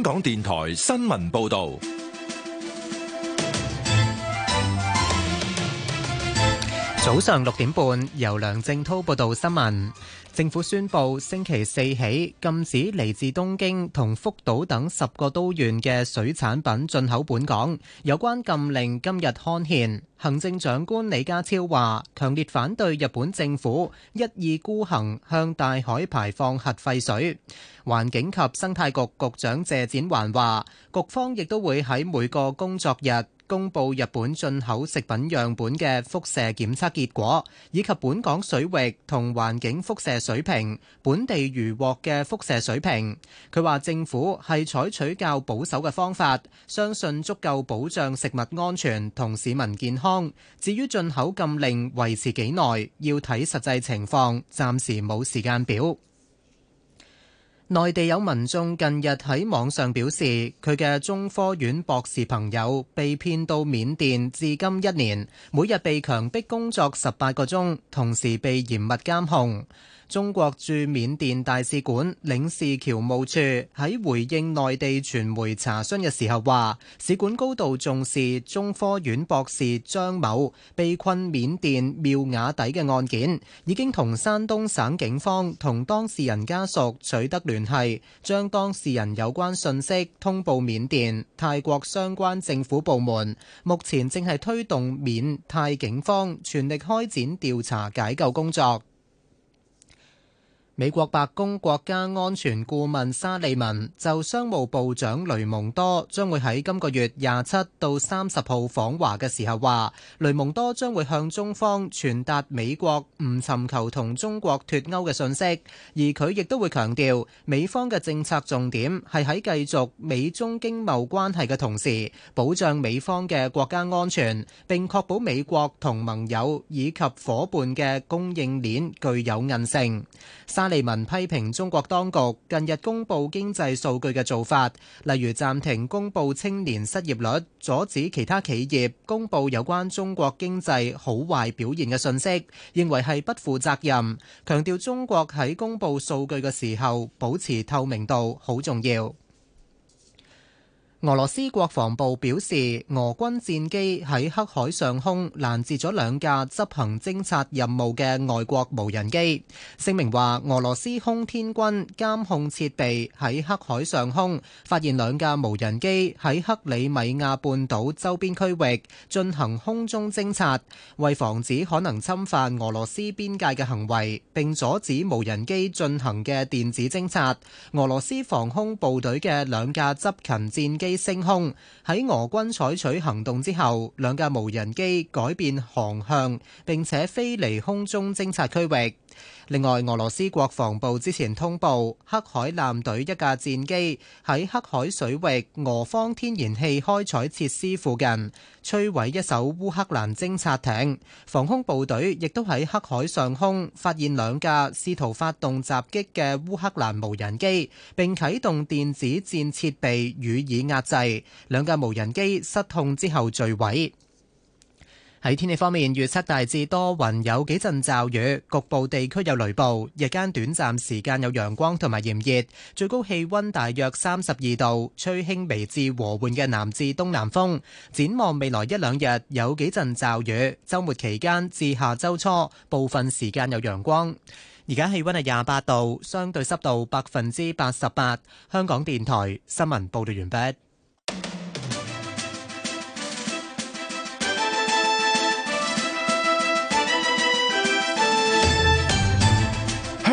香港電台新聞報道。早上六點半，由梁正滔報道新聞。政府宣布星期四起禁止嚟自東京同福島等十個都縣嘅水產品進口本港。有關禁令今日刊憲。行政長官李家超話：強烈反對日本政府一意孤行向大海排放核廢水。環境及生態局局局長謝展環話：局方亦都會喺每個工作日。公布日本進口食品樣本嘅輻射檢測結果，以及本港水域同環境輻射水平、本地漁獲嘅輻射水平。佢話政府係採取較保守嘅方法，相信足夠保障食物安全同市民健康。至於進口禁令維持幾耐，要睇實際情況，暫時冇時間表。內地有民眾近日喺網上表示，佢嘅中科院博士朋友被騙到緬甸，至今一年，每日被強迫工作十八個鐘，同時被嚴密監控。中國駐緬甸大使館領事僑務處喺回應內地傳媒查詢嘅時候話，使館高度重視中科院博士張某被困緬甸妙瓦底嘅案件，已經同山東省警方同當事人家屬取得聯繫，將當事人有關信息通報緬甸、泰國相關政府部門，目前正係推動緬泰警方全力開展調查解救工作。美國白宮國家安全顧問沙利文就商務部長雷蒙多將會喺今個月廿七到三十號訪華嘅時候話，雷蒙多將會向中方傳達美國唔尋求同中國脱歐嘅信息，而佢亦都會強調，美方嘅政策重點係喺繼續美中經貿關係嘅同時，保障美方嘅國家安全，並確保美國同盟友以及伙伴嘅供應鏈具有韌性。利文批評中國當局近日公布經濟數據嘅做法，例如暫停公布青年失業率，阻止其他企業公布有關中國經濟好壞表現嘅信息，認為係不負責任。強調中國喺公布數據嘅時候保持透明度好重要。俄羅斯國防部表示，俄軍戰機喺黑海上空攔截咗兩架執行偵察任務嘅外國無人機。聲明話，俄羅斯空天軍監控設備喺黑海上空發現兩架無人機喺克里米亞半島周邊區域進行空中偵察，為防止可能侵犯俄羅斯邊界嘅行為，並阻止無人機進行嘅電子偵察，俄羅斯防空部隊嘅兩架執勤戰機。升空喺俄軍採取行動之後，兩架無人機改變航向，並且飛離空中偵察區域。另外，俄羅斯國防部之前通報，黑海艦隊一架戰機喺黑海水域俄方天然氣開採設施附近摧毀一艘烏克蘭偵察艇。防空部隊亦都喺黑海上空發現兩架試圖發動襲擊嘅烏克蘭無人機，並啟動電子戰設備予以壓制。兩架無人機失控之後墜毀。喺天氣方面，預測大致多雲，有幾陣驟雨，局部地區有雷暴，日間短暫時間有陽光同埋炎熱，最高氣溫大約三十二度，吹輕微至和緩嘅南至東南風。展望未來一兩日有幾陣驟雨，周末期間至下周初部分時間有陽光。而家氣溫係廿八度，相對濕度百分之八十八。香港電台新聞報道完畢。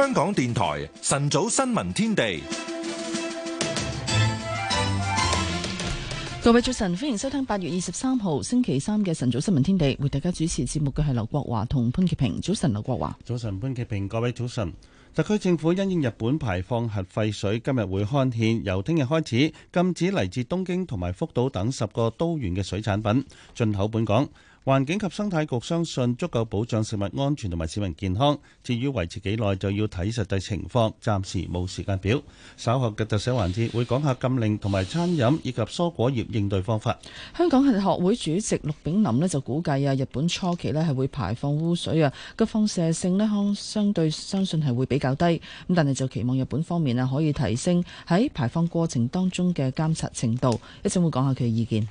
香港電台晨早新聞天地，各位早晨，歡迎收聽八月二十三號星期三嘅晨早新聞天地。為大家主持節目嘅係劉國華同潘潔平。早晨，劉國華，早晨，潘潔平。各位早晨，特區政府因應日本排放核廢水，今日會刊憲，由聽日開始禁止嚟自東京同埋福島等十個都縣嘅水產品進口本港。環境及生態局相信足夠保障食物安全同埋市民健康，至於維持幾耐就要睇實際情況，暫時冇時間表。稍後嘅特寫環節會講下禁令同埋餐飲以及蔬果業應對方法。香港核學會主席陸炳林咧就估計啊，日本初期咧係會排放污水啊，個放射性咧相相對相信係會比較低，咁但係就期望日本方面啊可以提升喺排放過程當中嘅監察程度。一陣會講下佢嘅意見。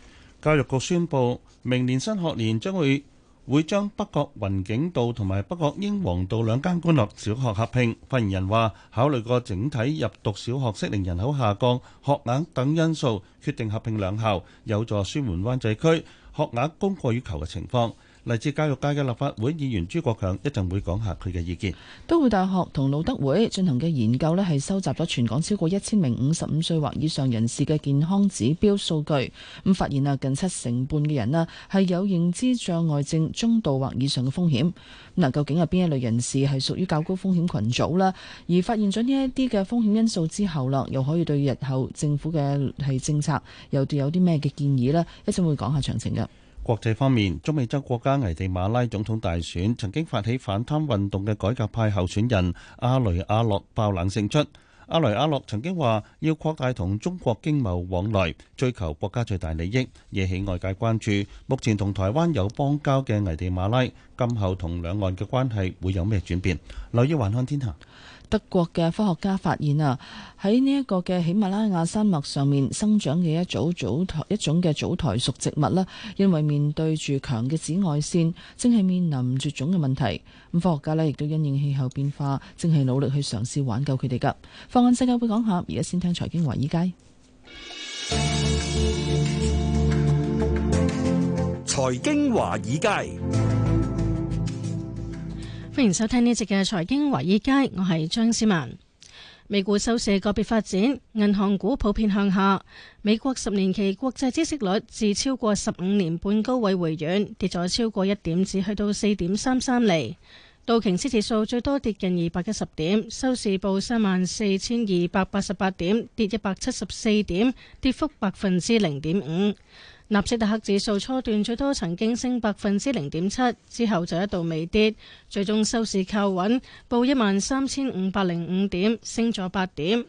教育局宣布，明年新學年將會會將北角雲景道同埋北角英皇道兩間官立小學合併。發言人話，考慮過整體入讀小學適齡人口下降、學額等因素，決定合併兩校，有助舒緩灣仔區學額供過於求嘅情況。嚟自教育界嘅立法會議員朱國強一陣會講下佢嘅意見。都會大學同路德會進行嘅研究呢，係收集咗全港超過一千名五十五歲或以上人士嘅健康指標數據。咁發現啊，近七成半嘅人咧係有認知障礙症中度或以上嘅風險。咁嗱，究竟係邊一類人士係屬於較高風險群組啦，而發現咗呢一啲嘅風險因素之後啦，又可以對日後政府嘅係政策又對有啲咩嘅建議咧？一陣會講下詳情嘅。國際方面，中美洲國家危地馬拉總統大選，曾經發起反貪運動嘅改革派候選人阿雷阿洛爆冷勝出。阿雷阿洛曾經話要擴大同中國經貿往來，追求國家最大利益，惹起外界關注。目前同台灣有邦交嘅危地馬拉，今後同兩岸嘅關係會有咩轉變？留意環環天下。德國嘅科學家發現啊，喺呢一個嘅喜馬拉雅山脈上面生長嘅一組組苔一種嘅組苔屬植物呢，因為面對住強嘅紫外綫，正係面臨絕種嘅問題。咁科學家呢亦都因應氣候變化，正係努力去嘗試挽救佢哋㗎。放眼世界會講下，而家先聽財經華爾街。財經華爾街。歡迎收聽呢集嘅財經華爾街，我係張思文。美股收市個別發展，銀行股普遍向下。美國十年期國債息率自超過十五年半高位回軟，跌咗超過一點，至去到四點三三厘。道瓊斯指數最多跌近二百一十點，收市報三萬四千二百八十八點，跌一百七十四點，跌幅百分之零點五。納斯達克指數初段最多曾經升百分之零點七，之後就一度微跌，最終收市靠穩，報一萬三千五百零五點，升咗八點。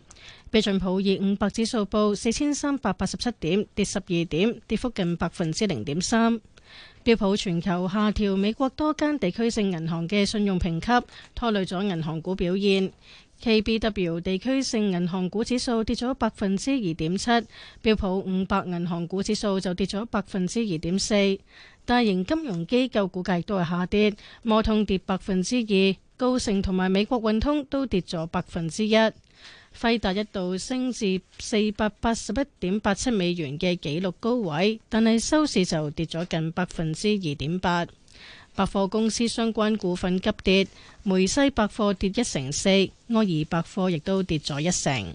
標準普爾五百指數報四千三百八十七點，跌十二點，跌幅近百分之零點三。標普全球下調美國多間地區性銀行嘅信用評級，拖累咗銀行股表現。KBW 地區性銀行股指數跌咗百分之二點七，標普五百銀行股指數就跌咗百分之二點四。大型金融機構股價都係下跌，摩通跌百分之二，高盛同埋美國運通都跌咗百分之一。輝達一度升至四百八十一點八七美元嘅紀錄高位，但係收市就跌咗近百分之二點八。百貨公司相關股份急跌，梅西百貨跌一成四，愛爾百貨亦都跌咗一成。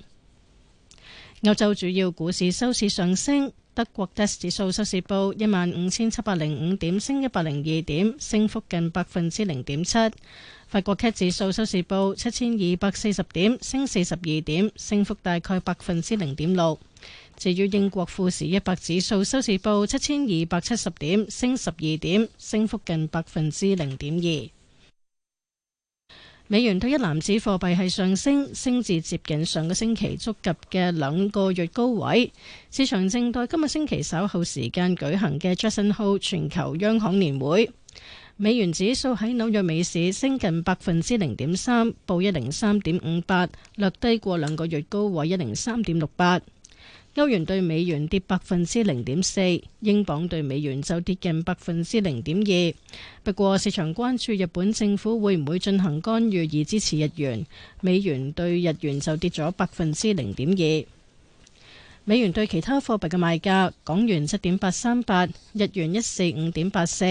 歐洲主要股市收市上升。德國 DAX 指數收市報一萬五千七百零五點，升一百零二點，升幅近百分之零點七。法國 CAC 指數收市報七千二百四十點，升四十二點，升幅大概百分之零點六。至於英國富時一百指數收市報七千二百七十點，升十二點，升幅近百分之零點二。美元對一籃子貨幣係上升，升至接近上個星期觸及嘅兩個月高位。市場正待今個星期稍後時間舉行嘅 Jackson Hole 全球央行年會。美元指數喺紐約美市升近百分之零點三，報一零三點五八，略低過兩個月高位一零三點六八。歐元兌美元跌百分之零點四，英鎊兌美元就跌近百分之零點二。不過市場關注日本政府會唔會進行干預而支持日元，美元兌日元就跌咗百分之零點二。美元對其他貨幣嘅賣價：港元七點八三八，日元一四五點八四，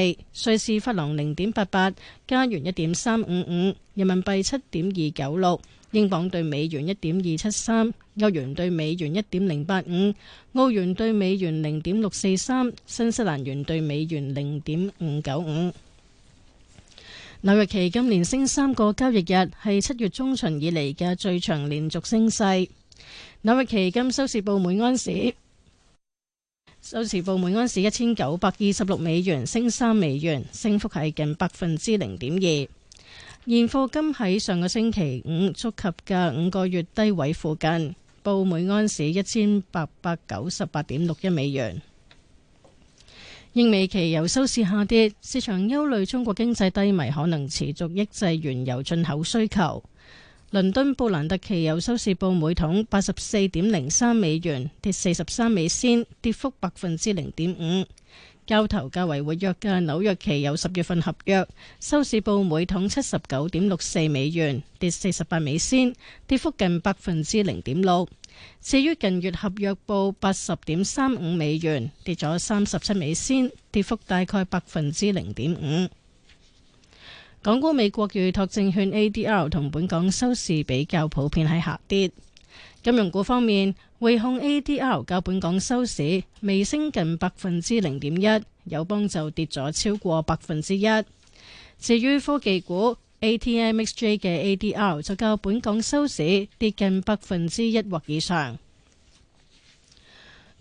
瑞士法郎零點八八，加元一點三五五，人民幣七點二九六。英鎊對美元一點二七三，歐元對美元一點零八五，澳元對美元零點六四三，新西蘭元對美元零點五九五。紐約期金連升三個交易日，係七月中旬以嚟嘅最長連續升勢。紐約期金收市報每安士，收市報每安士一千九百二十六美元，升三美元，升幅係近百分之零點二。現貨金喺上個星期五觸及嘅五個月低位附近，報每安士一千八百九十八點六一美元。英美期油收市下跌，市場憂慮中國經濟低迷可能持續抑制原油進口需求。倫敦布蘭特期油收市報每桶八十四點零三美元，跌四十三美仙，跌幅百分之零點五。交投較，較為活躍嘅紐約期油十月份合約收市報每桶七十九點六四美元，跌四十八美仙，跌幅近百分之零點六。至於近月合約報八十點三五美元，跌咗三十七美仙，跌幅大概百分之零點五。港股美國預託證券 ADR 同本港收市比較普遍喺下跌。金融股方面，匯控 A D R 較本港收市微升近百分之零點一，友邦就跌咗超過百分之一。至於科技股 A T M X J 嘅 A D R 就較本港收市跌近百分之一或以上。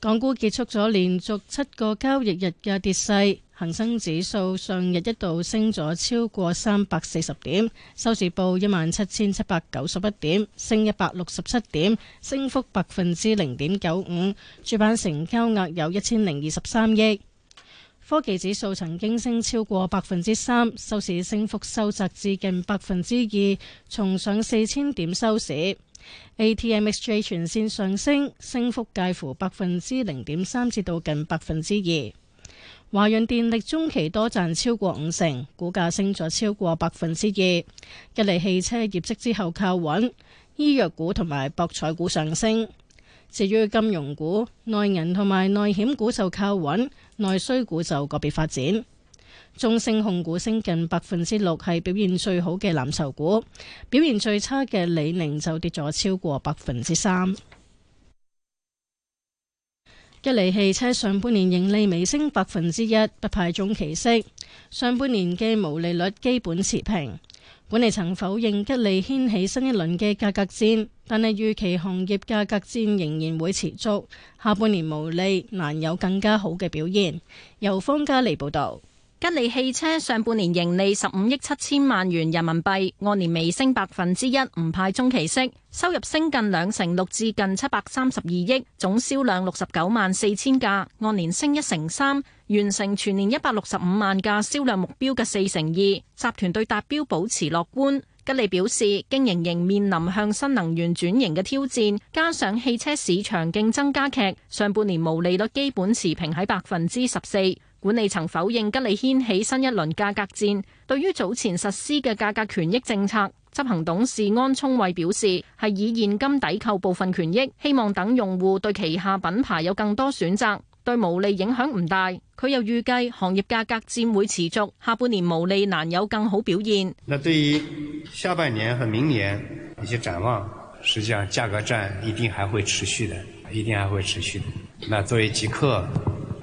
港股結束咗連續七個交易日嘅跌勢，恒生指數上日一度升咗超過三百四十點，收市報一萬七千七百九十一點，升一百六十七點，升幅百分之零點九五，主板成交額有一千零二十三億。科技指數曾經升超過百分之三，收市升幅收窄至近百分之二，重上四千點收市。A T M X J 全線上升，升幅介乎百分之零點三至到近百分之二。華潤電力中期多賺超過五成，股價升咗超過百分之二。吉利汽車業績之後靠穩，醫藥股同埋博彩股上升，至於金融股、內銀同埋內險股就靠穩。內需股就個別發展，中升控股升近百分之六，係表現最好嘅藍籌股；表現最差嘅李寧就跌咗超過百分之三。吉利 汽車上半年盈利微升百分之一，不派中期息，上半年嘅毛利率基本持平。本嚟曾否認吉利掀起新一輪嘅價格戰，但係預期行業價格戰仍然會持續。下半年無利，難有更加好嘅表現。由方家利報導。吉利汽車上半年盈利十五億七千萬元人民幣，按年微升百分之一，唔派中期息，收入升近兩成六至近七百三十二億，總銷量六十九萬四千架，按年升一成三，完成全年一百六十五萬架銷量目標嘅四成二。集團對達標保持樂觀。吉利表示，經營仍面臨向新能源轉型嘅挑戰，加上汽車市場競爭加劇，上半年毛利率基本持平喺百分之十四。管理層否認吉利掀起新一輪價格戰。對於早前實施嘅價格權益政策，執行董事安聰慧表示，係以現金抵扣部分權益，希望等用戶對旗下品牌有更多選擇，對毛利影響唔大。佢又預計行業價格戰會持續，下半年毛利難有更好表現。那對於下半年和明年一些展望，實際上價格戰一定還會持續的，一定還會持續的。那作為極氪。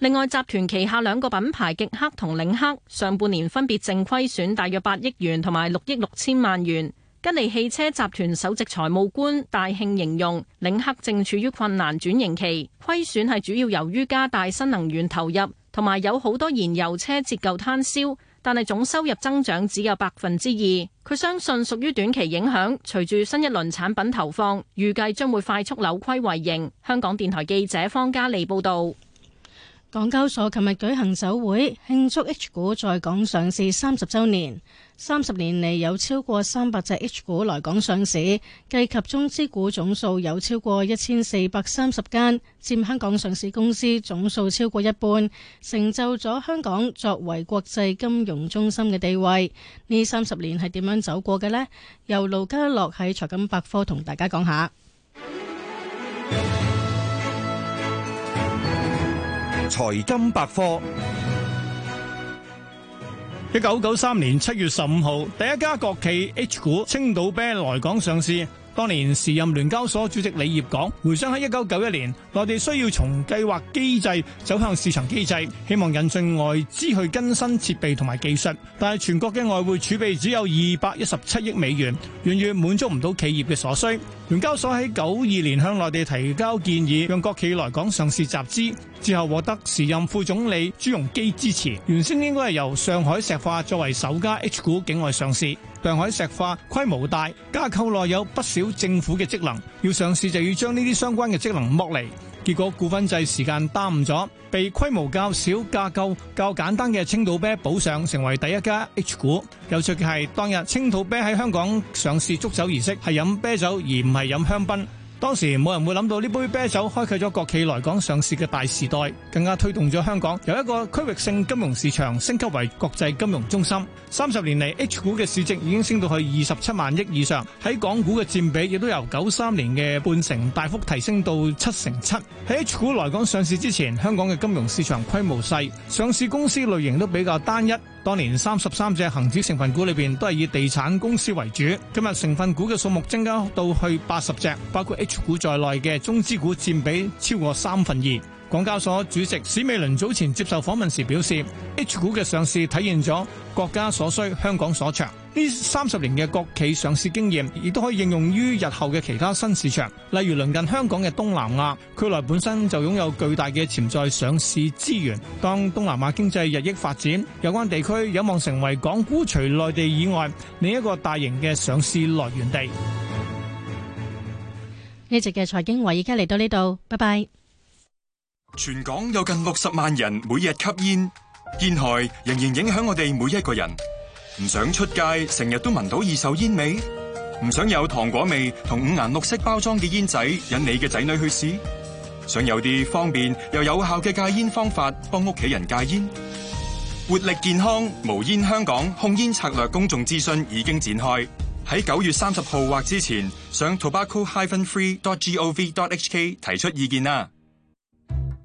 另外，集團旗下兩個品牌極克同領克上半年分別淨虧損大約八億元同埋六億六千萬元。吉利汽車集團首席財務官大慶形容，領克正處於困難轉型期，虧損係主要由於加大新能源投入，同埋有好多燃油車折舊攤銷，但係總收入增長只有百分之二。佢相信屬於短期影響，隨住新一輪產品投放，預計將會快速扭虧為盈。香港電台記者方嘉莉報道。港交所琴日舉行酒會慶祝 H 股在港上市三十周年。三十年嚟有超過三百隻 H 股來港上市，計及中資股總數有超過一千四百三十間，佔香港上市公司總數超過一半，成就咗香港作為國際金融中心嘅地位。呢三十年係點樣走過嘅呢？由盧家樂喺財金百科同大家講下。財金百科。一九九三年七月十五號，第一家國企 H 股青島啤酒來港上市。當年時任聯交所主席李業講，回想喺一九九一年，內地需要從計劃機制走向市場機制，希望引進外資去更新設備同埋技術，但係全國嘅外匯儲備只有二百一十七億美元，遠遠滿足唔到企業嘅所需。聯交所喺九二年向內地提交建議，讓國企來港上市集資，之後獲得時任副總理朱鎔基支持。原先應該係由上海石化作為首家 H 股境外上市。上海石化規模大，架構內有不少政府嘅職能，要上市就要將呢啲相關嘅職能剝離。結果股份制時間耽誤咗，被規模較小、架構較簡單嘅青島啤補上，成為第一家 H 股。有趣嘅係，當日青島啤喺香港上市祝酒儀式係飲啤酒而唔係飲香檳。當時冇人會諗到呢杯啤酒開啟咗國企來港上市嘅大時代，更加推動咗香港由一個區域性金融市場升級為國際金融中心。三十年嚟，H 股嘅市值已經升到去二十七萬億以上，喺港股嘅佔比亦都由九三年嘅半成大幅提升到七成七。喺 H 股來港上市之前，香港嘅金融市場規模細，上市公司類型都比較單一。當年三十三隻恒指成分股裏邊都係以地產公司為主。今日成分股嘅數目增加到去八十隻，包括 H 股在內嘅中資股佔比超過三分二。港交所主席史美倫早前接受訪問時表示，H 股嘅上市體現咗國家所需、香港所長。呢三十年嘅國企上市經驗，亦都可以應用於日後嘅其他新市場，例如鄰近香港嘅東南亞，區內本身就擁有巨大嘅潛在上市資源。當東南亞經濟日益發展，有關地區有望成為港股除內地以外另一個大型嘅上市來源地。呢集嘅財經話，而家嚟到呢度，拜拜。全港有近60萬人每日吸煙，煙害仍然影響我哋每一個人，唔想出街成日都聞到二手煙味，唔想有糖果味同五顏六色包裝嘅煙仔引你嘅仔女去試，想有啲方便又有效嘅戒煙方法幫屋企人戒煙。活力健康，無煙香港控煙策略公眾諮詢已經展開，喺9月30號或之前，上 tobacco-free.gov.hk 提出意見啦。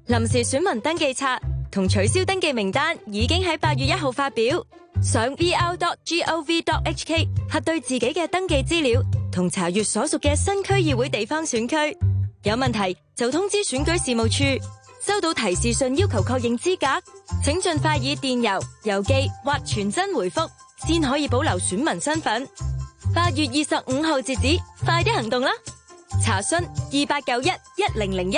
臨時選民登記冊同取消登記名單已經喺八月一號發表，上 vr.gov.hk 核對自己嘅登記資料，同查閱所屬嘅新區議會地方選區。有問題就通知選舉事務處。收到提示信要求確認資格，請盡快以電郵、郵寄或傳真回覆，先可以保留選民身份。八月二十五號截止，快啲行動啦！查詢二八九一一零零一。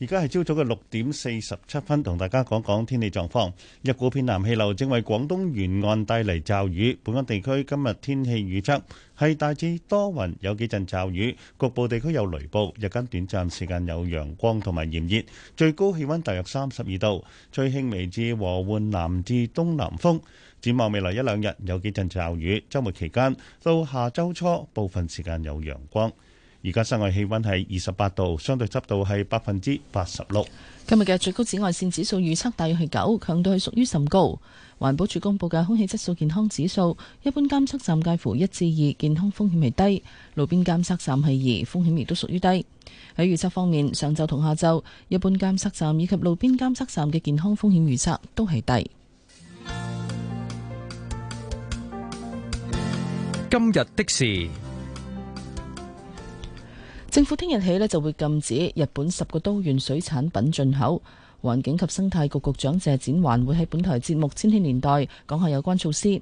而家係朝早嘅六點四十七分，同大家講講天氣狀況。一股偏南氣流正為廣東沿岸帶嚟驟雨，本港地區今日天，天氣預測係大致多雲，有幾陣驟雨，局部地區有雷暴，日間短暫時間有陽光同埋炎熱，最高氣溫大約三十二度，吹輕微至和緩南至東南風。展望未來一兩日有幾陣驟雨，週末期間到下週初部分時間有陽光。而家室外氣溫係二十八度，相對濕度係百分之八十六。今日嘅最高紫外線指數預測大約係九，強度係屬於甚高。環保署公布嘅空氣質素健康指數，一般監測站介乎一至二，健康風險係低；路邊監測站係二，風險亦都屬於低。喺預測方面，上晝同下晝，一般監測站以及路邊監測站嘅健康風險預測都係低。今日的事。政府聽日起咧就會禁止日本十個都縣水產品進口。環境及生態局局長謝展環會喺本台節目《千禧年代》講下有關措施。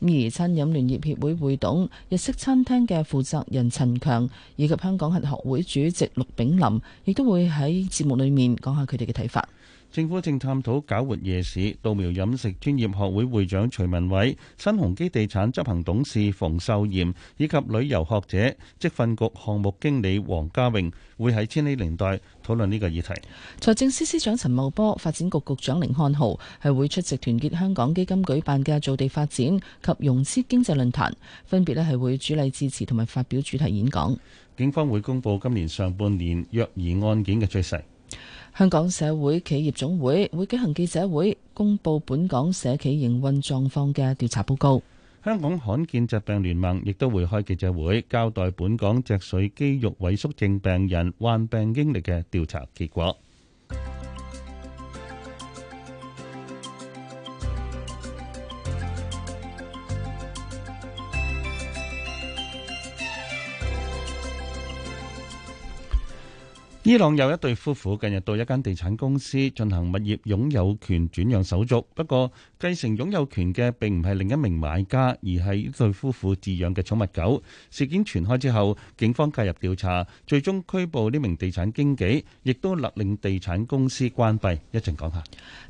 咁而餐飲聯業協會會董、日式餐廳嘅負責人陳強以及香港核學會主席陸炳林亦都會喺節目裡面講下佢哋嘅睇法。政府正探討搞活夜市。稻苗飲食專業學會會長徐文偉、新鴻基地產執行董事馮秀艷以及旅遊學者、職訓局項目經理黃家榮會喺千禧年代討論呢個議題。財政司司長陳茂波、發展局局，局長甯漢豪係會出席團結香港基金舉辦嘅造地發展及融資經濟論壇，分別咧係會主禮致辭同埋發表主題演講。警方會公布今年上半年虐兒案件嘅趨勢。香港社會企業總會會舉行記者會，公布本港社企營運狀況嘅調查報告。香港罕見疾病聯盟亦都會開記者會，交代本港脊髓肌肉萎縮症病人患病經歷嘅調查結果。伊朗有一對夫婦近日到一間地產公司進行物業擁有權轉讓手續，不過繼承擁有權嘅並唔係另一名買家，而係呢對夫婦飼養嘅寵物狗。事件傳開之後，警方介入調查，最終拘捕呢名地產經紀，亦都勒令地產公司關閉。一陣講下。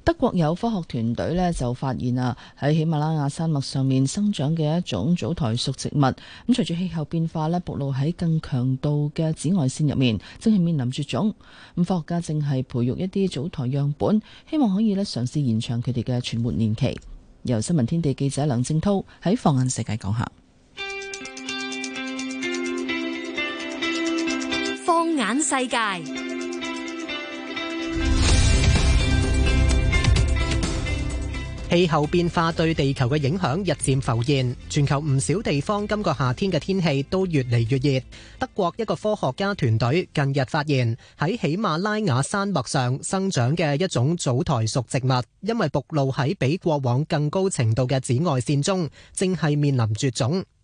德國有科學團隊咧就發現啊喺喜馬拉雅山脈上面生長嘅一種組台屬植物，咁隨住氣候變化咧，暴露喺更強度嘅紫外線入面，正係面臨住。種咁，科學家淨係培育一啲組台樣本，希望可以咧嘗試延長佢哋嘅存活年期。由新聞天地記者梁正濤喺放眼世界講下。放眼世界。氣候變化對地球嘅影響日漸浮現，全球唔少地方今個夏天嘅天氣都越嚟越熱。德國一個科學家團隊近日發現，喺喜馬拉雅山脈上生長嘅一種藻苔屬植物，因為暴露喺比過往更高程度嘅紫外線中，正係面臨絕種。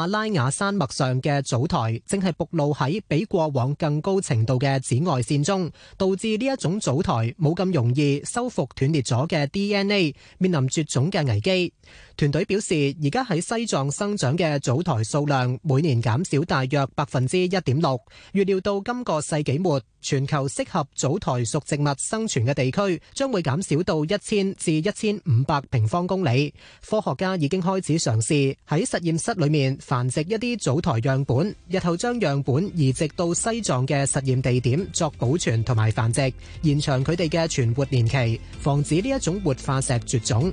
馬拉雅山脈上嘅藻台正係暴露喺比過往更高程度嘅紫外線中，導致呢一種藻台冇咁容易修復斷裂咗嘅 DNA，面臨絕種嘅危機。團隊表示，而家喺西藏生長嘅藻苔數量每年減少大約百分之一點六。預料到今個世紀末，全球適合藻苔屬植物生存嘅地區將會減少到一千至一千五百平方公里。科學家已經開始嘗試喺實驗室裏面繁殖一啲藻苔樣本，日後將樣本移植到西藏嘅實驗地點作保存同埋繁殖，延長佢哋嘅存活年期，防止呢一種活化石絕種。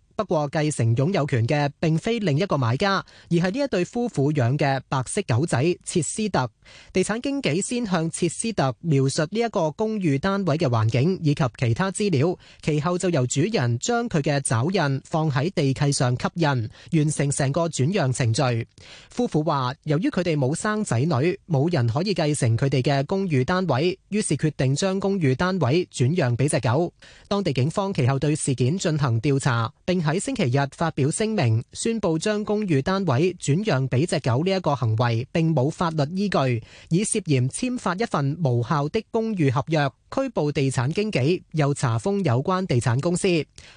不過繼承擁有權嘅並非另一個買家，而係呢一對夫婦養嘅白色狗仔切斯特。地產經紀先向切斯特描述呢一個公寓單位嘅環境以及其他資料，其後就由主人將佢嘅爪印放喺地契上，吸引完成成個轉讓程序。夫婦話，由於佢哋冇生仔女，冇人可以繼承佢哋嘅公寓單位，於是決定將公寓單位轉讓俾隻狗。當地警方其後對事件進行調查，並係。喺星期日發表聲明，宣佈將公寓單位轉讓俾隻狗呢一個行為並冇法律依據，以涉嫌簽發一份無效的公寓合約，拘捕地產經紀，又查封有關地產公司。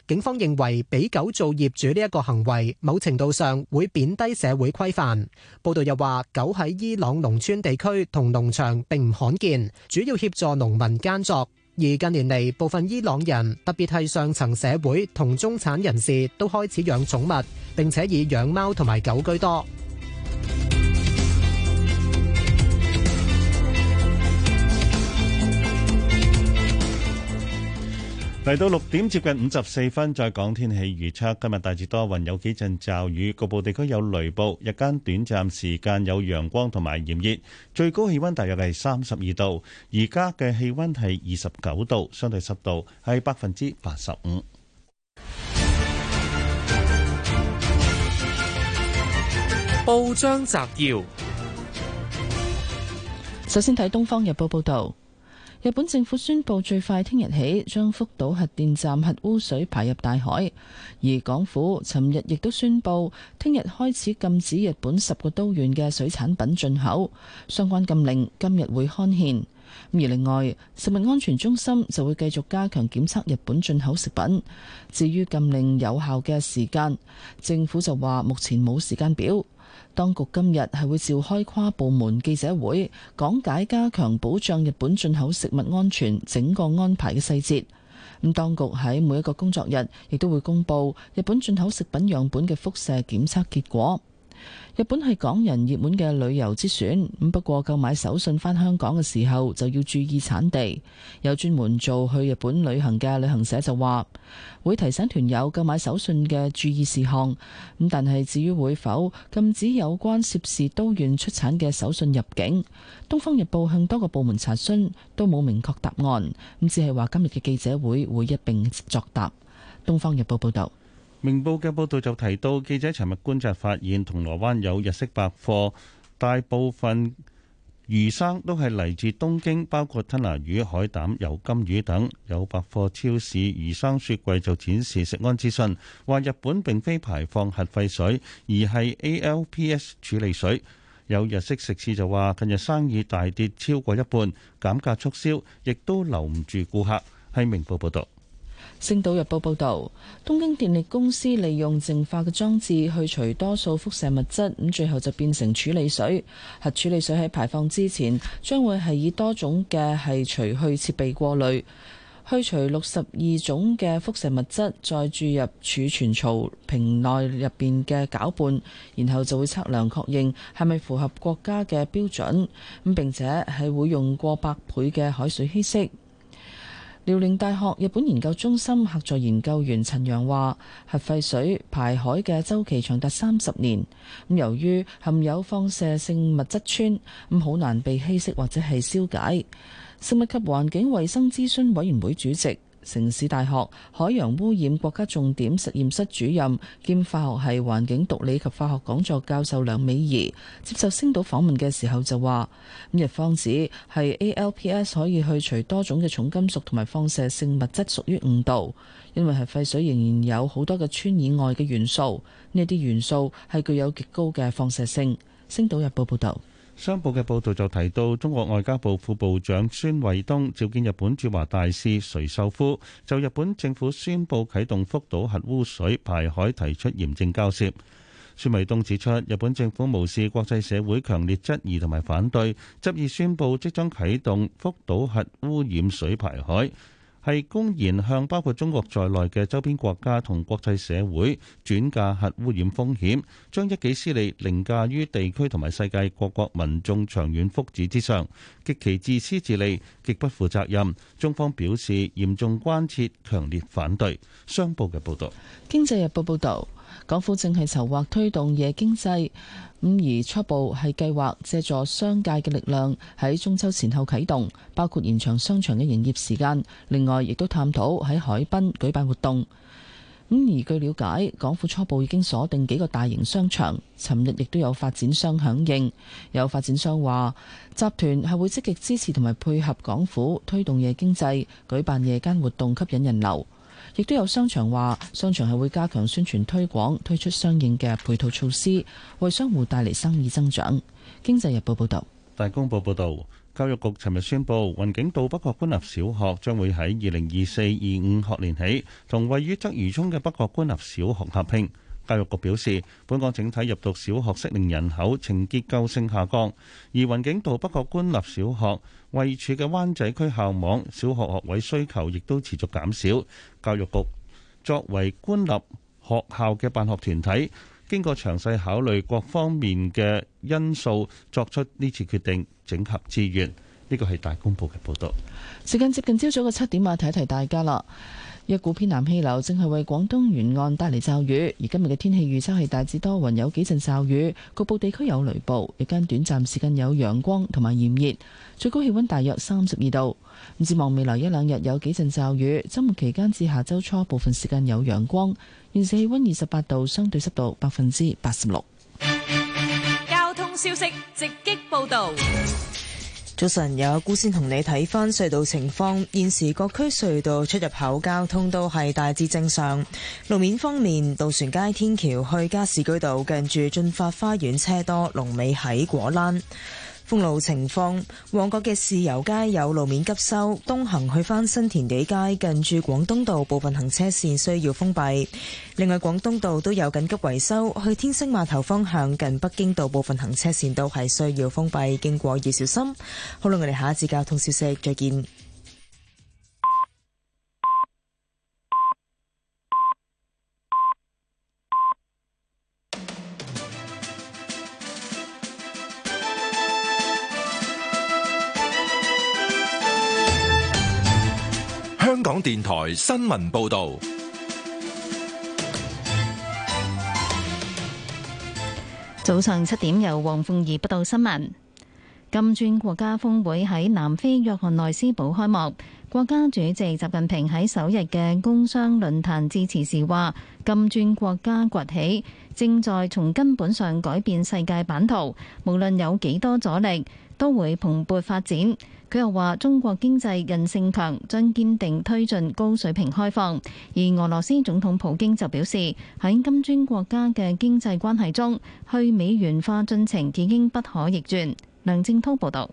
警方認為俾狗做業主呢一個行為，某程度上會貶低社會規範。報道又話，狗喺伊朗農村地區同農場並唔罕見，主要協助農民耕作。而近年嚟，部分伊朗人，特別係上層社會同中產人士，都開始養寵物，並且以養貓同埋狗居多。嚟到六點接近五十四分，再講天氣預測。今日大致多雲，有幾陣驟雨，局部地區有雷暴。日間短暫時間有陽光同埋炎熱，最高氣溫大約係三十二度。而家嘅氣溫係二十九度，相對濕度係百分之八十五。報章摘要，首先睇《東方日報》報道。日本政府宣佈最快聽日起將福島核電站核污水排入大海，而港府尋日亦都宣布聽日開始禁止日本十個都縣嘅水產品進口，相關禁令今日會刊憲。而另外，食物安全中心就會繼續加強檢測日本進口食品。至於禁令有效嘅時間，政府就話目前冇時間表。當局今日係會召開跨部門記者會，講解加強保障日本進口食物安全整個安排嘅細節。咁當局喺每一個工作日亦都會公布日本進口食品樣本嘅輻射檢測結果。日本係港人熱門嘅旅遊之選，咁不過購買手信返香港嘅時候就要注意產地。有專門做去日本旅行嘅旅行社就話會提醒團友購買手信嘅注意事項，咁但係至於會否禁止有關涉事都縣出產嘅手信入境，東方日報向多個部門查詢都冇明確答案，咁只係話今日嘅記者會會一併作答。東方日報報道。明報嘅報道就提到，記者尋日觀察發現，銅鑼灣有日式百貨，大部分魚生都係嚟自東京，包括吞拿魚、海膽、油甘魚等。有百貨超市魚生雪櫃就展示食安資訊，話日本並非排放核廢水，而係 ALPS 處理水。有日式食肆就話，近日生意大跌超過一半，減價促銷亦都留唔住顧客。喺《明報》報道。《星島日報》報導，東京電力公司利用淨化嘅裝置去除多數輻射物質，咁最後就變成處理水。核處理水喺排放之前，將會係以多種嘅係除去設備過濾，去除六十二種嘅輻射物質，再注入儲存槽瓶內入邊嘅攪拌，然後就會測量確認係咪符合國家嘅標準，咁並且係會用過百倍嘅海水稀釋。遼寧大學日本研究中心客座研究員陳陽話：核廢水排海嘅周期長達三十年，咁由於含有放射性物質，穿咁好難被稀釋或者係消解。食物及環境衛生諮詢委員會主席。城市大學海洋污染國家重點實驗室主任兼化學系環境毒理及化學講座教授梁美儀接受星島訪問嘅時候就話，日方指係 ALPS 可以去除多種嘅重金屬同埋放射性物質，屬於誤導，因為係廢水仍然有好多嘅村以外嘅元素，呢啲元素係具有極高嘅放射性。星島日報報道。商報嘅報導就提到，中國外交部副部長孫衛東召見日本駐華大使垂秀夫，就日本政府宣布啟動福島核污水排海提出嚴正交涉。孫衛東指出，日本政府無視國際社會強烈質疑同埋反對，執意宣布即將啟動福島核污染水排海。係公然向包括中國在內嘅周邊國家同國際社會轉嫁核污染風險，將一己私利凌駕於地區同埋世界各國民眾長遠福祉之上，極其自私自利，極不負責任。中方表示嚴重關切，強烈反對。商報嘅報道，《經濟日報》報道。港府正係籌劃推動夜經濟，咁而初步係計劃借助商界嘅力量喺中秋前後啟動，包括延長商場嘅營業時間。另外，亦都探討喺海濱舉辦活動。咁而據了解，港府初步已經鎖定幾個大型商場。尋日亦都有發展商響應，有發展商話集團係會積極支持同埋配合港府推動夜經濟，舉辦夜間活動吸引人流。亦都有商場話，商場係會加強宣傳推廣，推出相應嘅配套措施，為商戶帶嚟生意增長。經濟日報報道。大公報報道，教育局尋日宣布，雲景道北角官立小學將會喺二零二四二五學年起，同位於鰂魚涌嘅北角官立小學合併。教育局表示，本港整體入讀小學適齡人口呈結構性下降，而雲景道北角官立小學位處嘅灣仔區校網小學學位需求亦都持續減少。教育局作為官立學校嘅辦學團體，經過詳細考慮各方面嘅因素，作出呢次決定整合資源。呢個係大公報嘅報道。時間接近朝早嘅七點啊，提一提大家啦。一股偏南氣流正係為廣東沿岸帶嚟驟雨，而今日嘅天氣預測係大致多雲，有幾陣驟雨，局部地區有雷暴，日間短暫時間有陽光同埋炎熱，最高氣温大約三十二度。展望未來一兩日有幾陣驟雨，周末期間至下周初部分時間有陽光，現時氣温二十八度，相對濕度百分之八十六。交通消息直擊報導。早晨，有阿姑先同你睇翻隧道情況。現時各區隧道出入口交通都係大致正常。路面方面，渡船街天橋去加士居道近住駿發花園車多，龍尾喺果欄。封路情況，旺角嘅豉油街有路面急修，東行去返新田地街近住廣東道部分行車線需要封閉。另外，廣東道都有緊急維修，去天星碼頭方向近北京道部分行車線都係需要封閉，經過要小心。好啦，我哋下一節交通消息再見。香港電臺新聞報道，早上七點由黃鳳儀報道新聞。金磚國家峰會喺南非約翰內斯堡開幕，國家主席習近平喺首日嘅工商論壇致辭時話：金磚國家崛起正在從根本上改變世界版圖，無論有幾多阻力，都會蓬勃發展。佢又話：中國經濟韌性強，將堅定推進高水平開放。而俄羅斯總統普京就表示，喺金磚國家嘅經濟關係中，去美元化進程已經不可逆轉。梁正滔報道。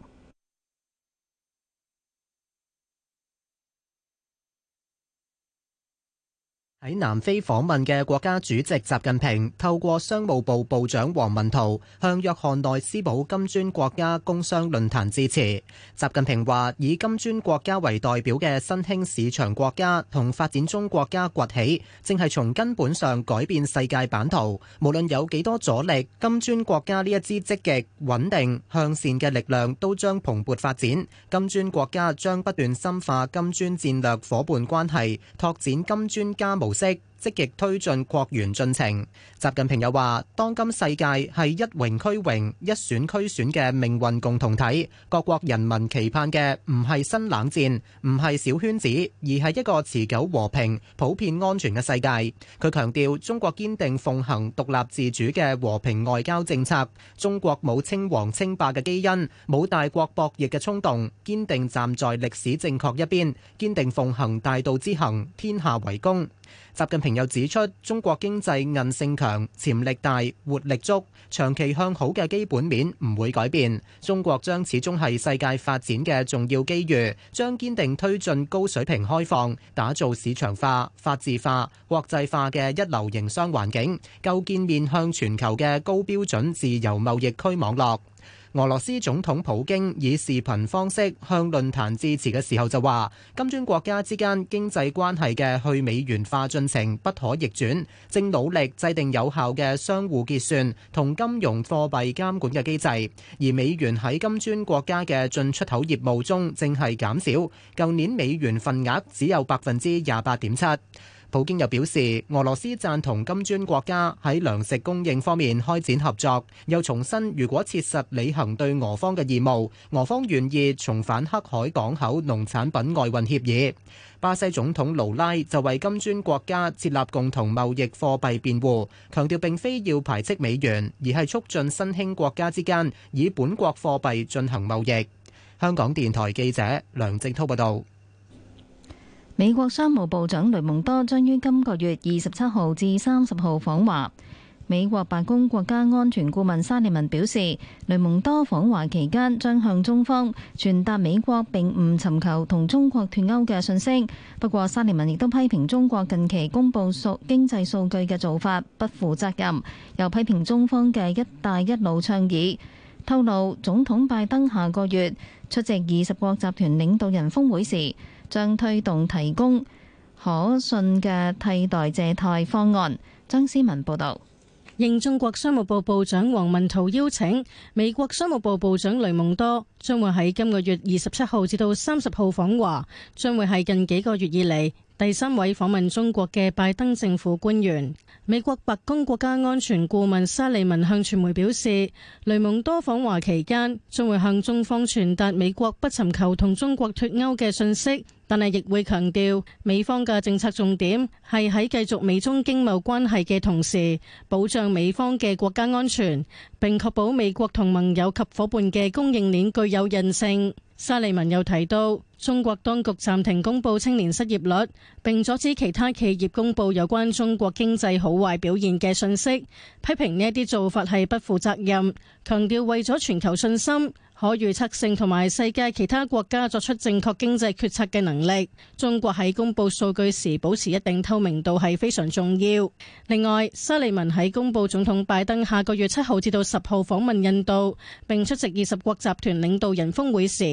喺南非訪問嘅國家主席習近平，透過商務部部長王文濤向約翰內斯堡金磚國家工商論壇致辭。習近平話：以金磚國家為代表嘅新興市場國家同發展中國家崛起，正係從根本上改變世界版圖。無論有幾多阻力，金磚國家呢一支積極、穩定、向善嘅力量都將蓬勃發展。金磚國家將不斷深化金磚戰略夥伴關係，拓展金磚加無式積極推進國元進程。習近平又話：當今世界係一榮俱榮、一損俱損嘅命運共同體，各國人民期盼嘅唔係新冷戰，唔係小圈子，而係一個持久和平、普遍安全嘅世界。佢強調，中國堅定奉行獨立自主嘅和平外交政策，中國冇稱王稱霸嘅基因，冇大國博弈嘅衝動，堅定站在歷史正確一邊，堅定奉行大道之行，天下為公。習近平又指出，中國經濟韌性強、潛力大、活力足，長期向好嘅基本面唔會改變。中國將始終係世界發展嘅重要機遇，將堅定推進高水平開放，打造市場化、法治化、國際化嘅一流營商環境，構建面向全球嘅高標準自由貿易區網絡。俄羅斯總統普京以視頻方式向論壇致辭嘅時候就話：金磚國家之間經濟關係嘅去美元化進程不可逆轉，正努力制定有效嘅相互結算同金融貨幣監管嘅機制。而美元喺金磚國家嘅進出口業務中正係減少，舊年美元份額只有百分之廿八點七。普京又表示，俄羅斯贊同金磚國家喺糧食供應方面開展合作，又重申如果切實履行對俄方嘅義務，俄方願意重返黑海港口農產品外運協議。巴西總統盧拉就為金磚國家設立共同貿易貨幣辯護，強調並非要排斥美元，而係促進新興國家之間以本國貨幣進行貿易。香港電台記者梁靜濤報道。美國商務部長雷蒙多將於今個月二十七號至三十號訪華。美國白宮國家安全顧問沙利文表示，雷蒙多訪華期間將向中方傳達美國並唔尋求同中國脱鉤嘅訊息。不過，沙利文亦都批評中國近期公布數經濟數據嘅做法不負責任，又批評中方嘅“一帶一路”倡議。透露，總統拜登下個月出席二十國集團領導人峰會時。將推動提供可信嘅替代借貸方案。曾思文報導，應中國商務部部長王文濤邀請，美國商務部部長雷蒙多。將會喺今個月二十七號至到三十號訪華，將會係近幾個月以嚟第三位訪問中國嘅拜登政府官員。美國白宮國家安全顧問沙利文向傳媒表示，雷蒙多訪華期間將會向中方傳達美國不尋求同中國脫鈎嘅信息，但係亦會強調美方嘅政策重點係喺繼續美中經貿關係嘅同時，保障美方嘅國家安全，並確保美國同盟友及夥伴嘅供應鏈具有韌性。沙利文又提到，中國當局暫停公佈青年失業率，並阻止其他企業公佈有關中國經濟好壞表現嘅信息，批評呢一啲做法係不負責任，強調為咗全球信心，可預測性同埋世界其他國家作出正確經濟決策嘅能力，中國喺公佈數據時保持一定透明度係非常重要。另外，沙利文喺公佈總統拜登下個月七號至到十號訪問印度並出席二十國集團領導人峰會時，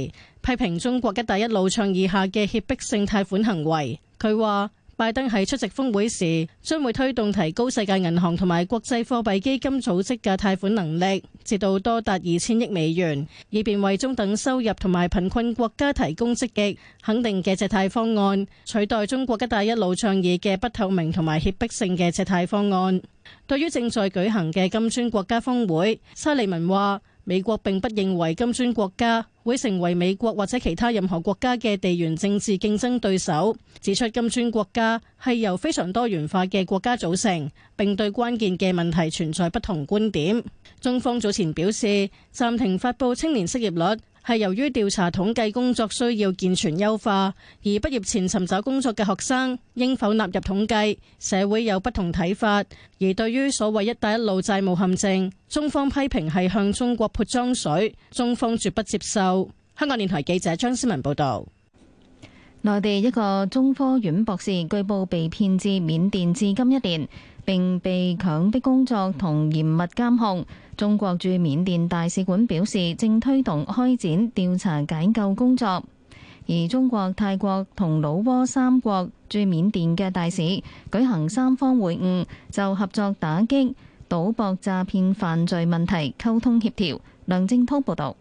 批評中國一帶一路倡議下嘅脅迫性貸款行為。佢話。拜登喺出席峰會時，將會推動提高世界銀行同埋國際貨幣基金組織嘅貸款能力，直到多達二千億美元，以便為中等收入同埋貧困國家提供積極、肯定嘅借貸方案，取代中國一帶一路倡議嘅不透明同埋脅迫性嘅借貸方案。對於正在舉行嘅金磚國家峰會，沙利文話：美國並不認為金磚國家。會成為美國或者其他任何國家嘅地緣政治競爭對手，指出金磚國家係由非常多元化嘅國家組成，並對關鍵嘅問題存在不同觀點，中方早前表示暫停發佈青年失業率。係由於調查統計工作需要健全優化，而畢業前尋找工作嘅學生應否納入統計，社會有不同睇法。而對於所謂「一帶一路債務陷阱」，中方批評係向中國潑髒水，中方絕不接受。香港電台記者張思文報導，內地一個中科院博士據報被騙至緬甸至今一年，並被強迫工作同嚴密監控。中國駐緬甸大使館表示，正推動開展調查解救工作，而中國、泰國同老撾三國駐緬甸嘅大使舉行三方會晤，就合作打擊賭博詐騙犯罪問題溝通協調。梁正濤報道。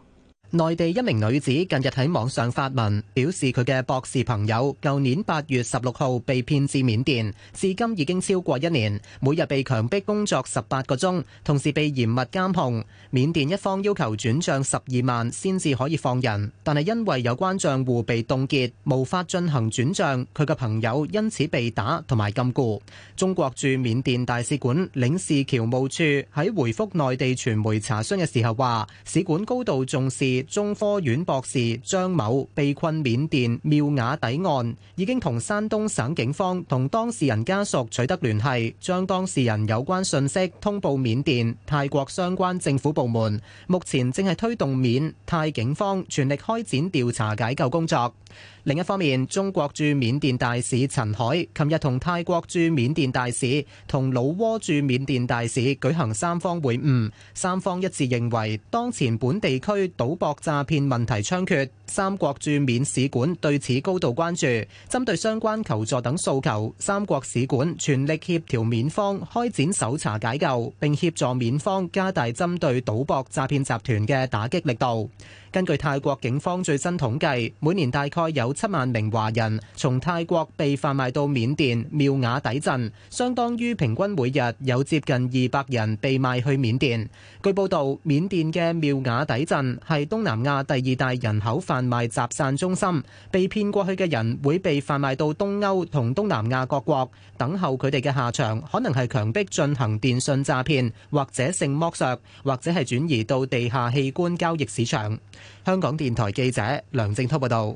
內地一名女子近日喺網上發文，表示佢嘅博士朋友舊年八月十六號被騙至緬甸，至今已經超過一年，每日被強迫工作十八個鐘，同時被嚴密監控。緬甸一方要求轉賬十二萬先至可以放人，但係因為有關賬戶被凍結，無法進行轉賬，佢嘅朋友因此被打同埋禁錮。中國駐緬甸大使館領事僑務處喺回覆內地傳媒查詢嘅時候話，使館高度重視。中科院博士張某被困緬甸妙瓦底案，已經同山東省警方同當事人家屬取得聯繫，將當事人有關信息通報緬甸、泰國相關政府部門，目前正係推動緬泰警方全力開展調查解救工作。另一方面，中國駐緬甸大使陳海，琴日同泰國駐緬甸大使、同老撾駐緬甸大使舉行三方會晤，三方一致認為，當前本地區賭博詐騙問題猖獗。三國駐緬使館對此高度關注，針對相關求助等訴求，三國使館全力協調緬方開展搜查解救，並協助緬方加大針對賭博詐騙集團嘅打擊力度。根據泰國警方最新統計，每年大概有七萬名華人從泰國被販賣到緬甸妙瓦底鎮，相當於平均每日有接近二百人被賣去緬甸。據報道，緬甸嘅妙瓦底鎮係東南亞第二大人口販販賣集散中心，被騙過去嘅人會被販賣到東歐同東南亞各國，等候佢哋嘅下場可能係強迫進行電信詐騙，或者性剝削，或者係轉移到地下器官交易市場。香港電台記者梁靜濤報道。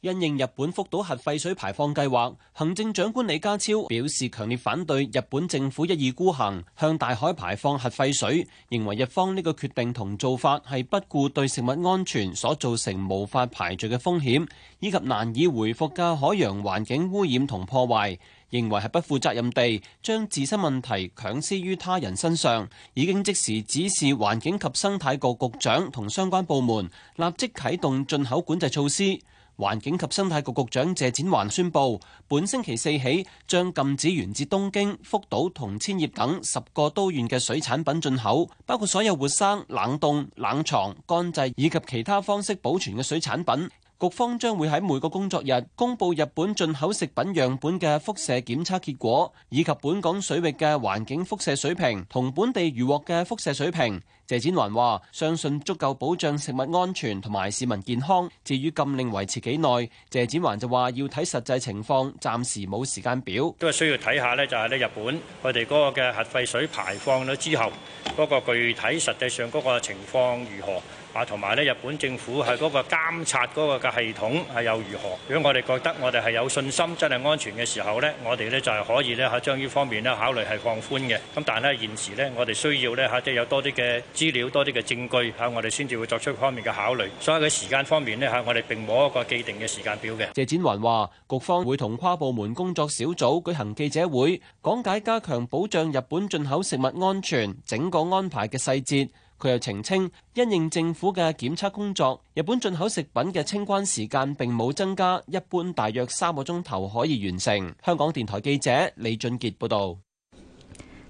因應日本福島核廢水排放計劃，行政長官李家超表示強烈反對日本政府一意孤行向大海排放核廢水，認為日方呢個決定同做法係不顧對食物安全所造成無法排除嘅風險，以及難以回復嘅海洋環境污染同破壞，認為係不負責任地將自身問題強施於他人身上。已經即時指示環境及生態局局長同相關部門立即啟動進口管制措施。環境及生態局局長謝展寰宣布，本星期四起將禁止源自東京、福島同千葉等十個都縣嘅水產品進口，包括所有活生、冷凍、冷藏、乾製以及其他方式保存嘅水產品。局方將會喺每個工作日公布日本進口食品樣本嘅輻射檢測結果，以及本港水域嘅環境輻射水平同本地漁獲嘅輻射水平。謝展環話：相信足夠保障食物安全同埋市民健康。至於禁令維持幾耐，謝展環就話要睇實際情況，暫時冇時間表。都係需要睇下呢，就係呢，日本佢哋嗰個嘅核廢水排放咗之後，嗰個具體實際上嗰個情況如何？同埋咧，日本政府係嗰個監察嗰個嘅系統係又如何？如果我哋覺得我哋係有信心真係安全嘅時候咧，我哋咧就係可以咧嚇將呢方面咧考慮係放寬嘅。咁但係咧現時咧，我哋需要咧嚇即係有多啲嘅資料、多啲嘅證據嚇，我哋先至會作出方面嘅考慮。所以喺時間方面呢，嚇，我哋並冇一個既定嘅時間表嘅。謝展寰話：局方會同跨部門工作小組舉行記者會，講解加強保障日本進口食物安全整個安排嘅細節。佢又澄清，因應政府嘅檢測工作，日本進口食品嘅清關時間並冇增加，一般大約三個鐘頭可以完成。香港電台記者李俊傑報道。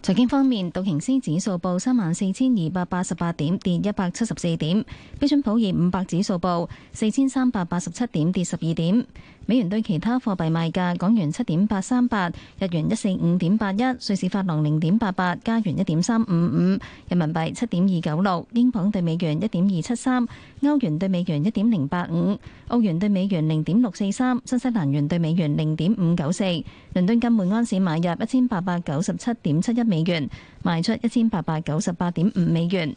財經方面，道瓊斯指數報三萬四千二百八十八點，跌一百七十四點；標準普爾五百指數報四千三百八十七點，跌十二點。美元對其他貨幣賣價：港元七點八三八，日元一四五點八一，瑞士法郎零點八八，加元一點三五五，人民幣七點二九六，英鎊對美元一點二七三，歐元對美元一點零八五，澳元對美元零點六四三，新西蘭元對美元零點五九四。倫敦金每安士買入一千八百九十七點七一美元，賣出一千八百九十八點五美元。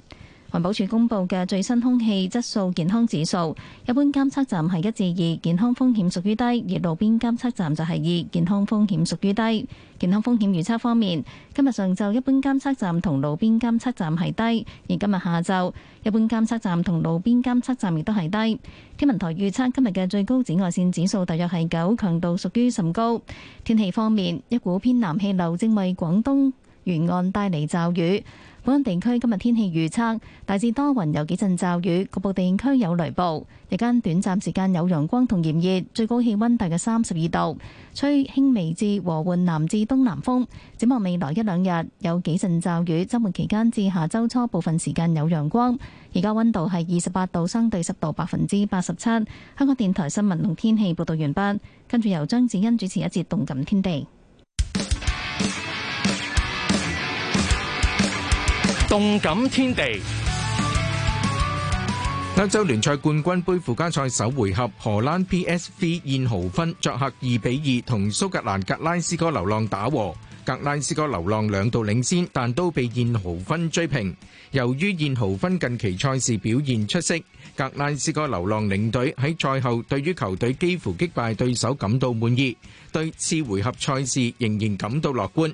環保署公布嘅最新空氣質素健康指數，一般監測站係一至二，健康風險屬於低；而路邊監測站就係二，健康風險屬於低。健康風險預測方面，今日上晝一般監測站同路邊監測站係低，而今日下晝一般監測站同路邊監測站亦都係低。天文台預測今日嘅最高紫外線指數大約係九，強度屬於甚高。天氣方面，一股偏南氣流正為廣東沿岸帶嚟驟雨。本港地區今日天氣預測大致多雲，有幾陣驟雨，局部地區有雷暴。日間短暫時間有陽光同炎熱，最高氣溫大概三十二度，吹輕微至和緩南至東南風。展望未來一兩日有幾陣驟雨，周末期間至下周初部分時間有陽光。而家溫度係二十八度，相對濕度百分之八十七。香港電台新聞同天氣報道完畢，跟住由張子欣主持一節動感天地。動感天地。歐洲聯賽冠軍盃附加賽首回合，荷蘭 PSV 燕豪芬作客二比二同蘇格蘭格拉斯哥流浪打和。格拉斯哥流浪兩度領先，但都被燕豪芬追平。由於燕豪芬近期賽事表現出色，格拉斯哥流浪領隊喺賽後對於球隊幾乎擊敗對手感到滿意，對次回合賽事仍然感到樂觀。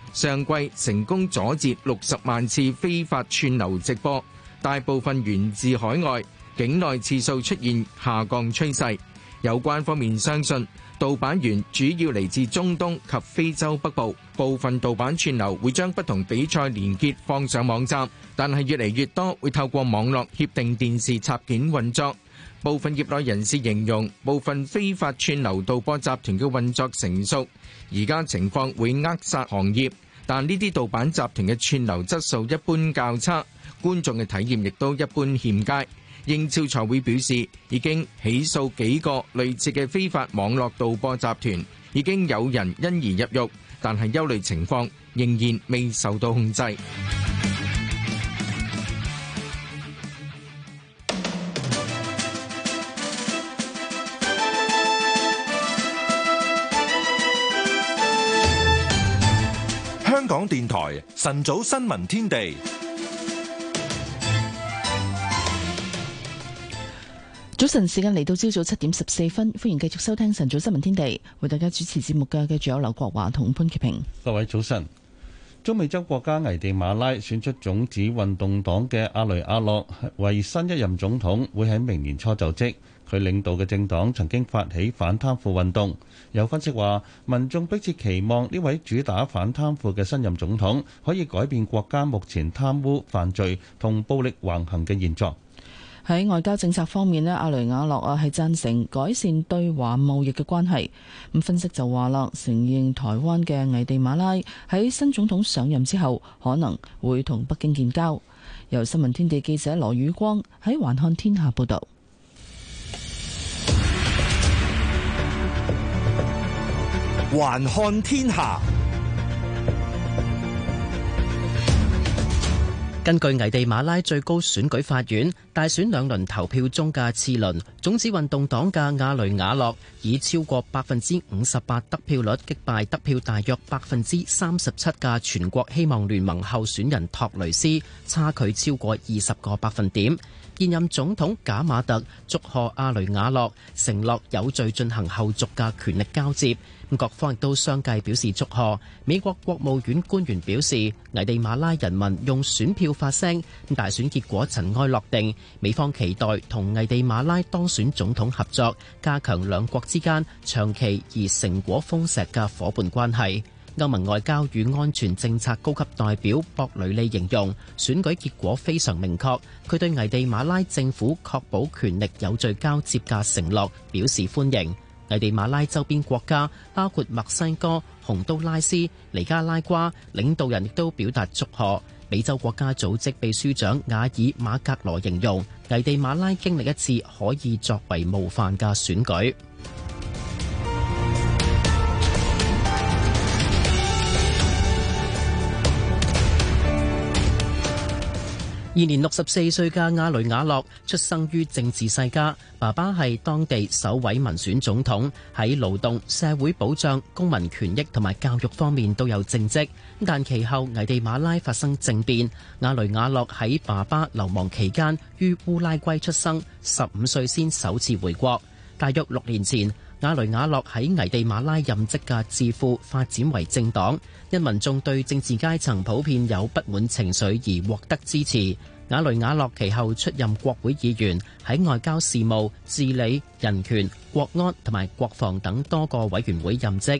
上季成功阻截60萬次非法串流直播，大部分源自海外，境內次數出現下降趨勢。有關方面相信，盜版源主要嚟自中東及非洲北部，部分盜版串流會將不同比賽連結放上網站，但係越嚟越多會透過網絡協定電視插件運作。部分業內人士形容，部分非法串流盜播集團嘅運作成熟。而家情況會扼殺行業，但呢啲盜版集團嘅串流質素一般較差，觀眾嘅體驗亦都一般欠佳。英超財會表示，已經起訴幾個類似嘅非法網絡盜播集團，已經有人因而入獄，但係憂慮情況仍然未受到控制。港電台晨早新聞天地。早晨時間嚟到朝早七點十四分，歡迎繼續收聽晨早新聞天地，為大家主持節目嘅嘅仲有劉國華同潘潔平。各位早晨，中美洲國家危地馬拉選出種子運動黨嘅阿雷阿洛為新一任總統，會喺明年初就職。佢領導嘅政黨曾經發起反貪腐運動，有分析話民眾迫切期望呢位主打反貪腐嘅新任總統可以改變國家目前貪污犯罪同暴力橫行嘅現狀。喺外交政策方面咧，阿雷亞諾啊係贊成改善對華貿易嘅關係。咁分析就話啦，承認台灣嘅危地馬拉喺新總統上任之後可能會同北京建交。由新聞天地記者羅宇光喺環看天下報道。還看天下，根據危地馬拉最高選舉法院大選兩輪投票中嘅次輪，種子運動黨嘅亞雷亞洛以超過百分之五十八得票率擊敗得票大約百分之三十七嘅全國希望聯盟候選人托雷斯，差距超過二十個百分點。現任總統賈馬特祝賀阿雷亞洛，承諾有序進行後續嘅權力交接。各方亦都相繼表示祝賀。美國國務院官員表示，危地馬拉人民用選票發聲。大選結果塵埃落定，美方期待同危地馬拉當選總統合作，加強兩國之間長期而成果豐碩嘅伙伴關係。歐盟外交與安全政策高級代表博雷利形容選舉結果非常明確，佢對危地馬拉政府確保權力有序交接嘅承諾表示歡迎。危地馬拉周邊國家包括墨西哥、洪都拉斯、尼加拉瓜領導人亦都表達祝賀。美洲國家組織秘書長雅爾馬格羅形容危地馬拉經歷一次可以作為模範嘅選舉。現年六十四歲嘅阿雷瓦洛，出生於政治世家，爸爸係當地首位民選總統，喺勞動、社會保障、公民權益同埋教育方面都有政績。但其後危地馬拉發生政變，阿雷瓦洛喺爸爸流亡期間於烏拉圭出生，十五歲先首次回國，大約六年前。亞雷亞洛喺危地馬拉任職嘅致富發展為政黨，因民眾對政治階層普遍有不滿情緒而獲得支持。亞雷亞洛其後出任國會議員，喺外交事務、治理、人權、國安同埋國防等多個委員會任職。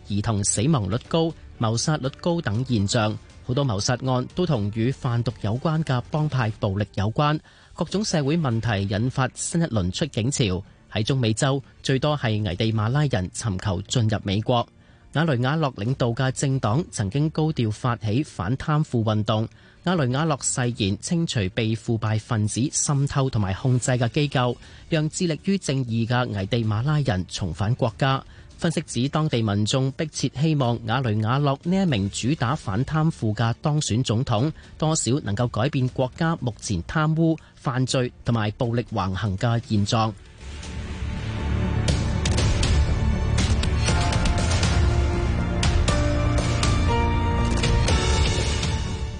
兒童死亡率高、謀殺率高等現象，好多謀殺案都同與販毒有關嘅幫派暴力有關。各種社會問題引發新一輪出境潮。喺中美洲，最多係危地馬拉人尋求進入美國。阿雷瓦洛領導嘅政黨曾經高調發起反貪腐運動。阿雷瓦洛誓言清除被腐敗分子滲透同埋控制嘅機構，讓致力於正義嘅危地馬拉人重返國家。分析指，當地民眾迫切希望瓦雷瓦洛呢一名主打反貪腐嘅當選總統，多少能夠改變國家目前貪污、犯罪同埋暴力橫行嘅現狀。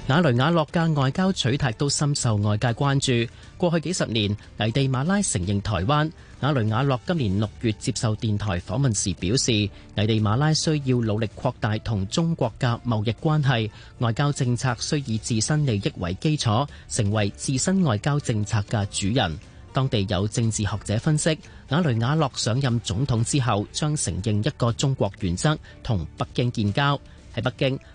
瓦雷瓦洛嘅外交取態都深受外界關注。過去幾十年，危地馬拉承認台灣。阿雷瓦洛今年六月接受電台訪問時表示，危地馬拉需要努力擴大同中國嘅貿易關係，外交政策需以自身利益為基礎，成為自身外交政策嘅主人。當地有政治學者分析，阿雷瓦洛上任總統之後將承認一個中國原則同北京建交。喺北京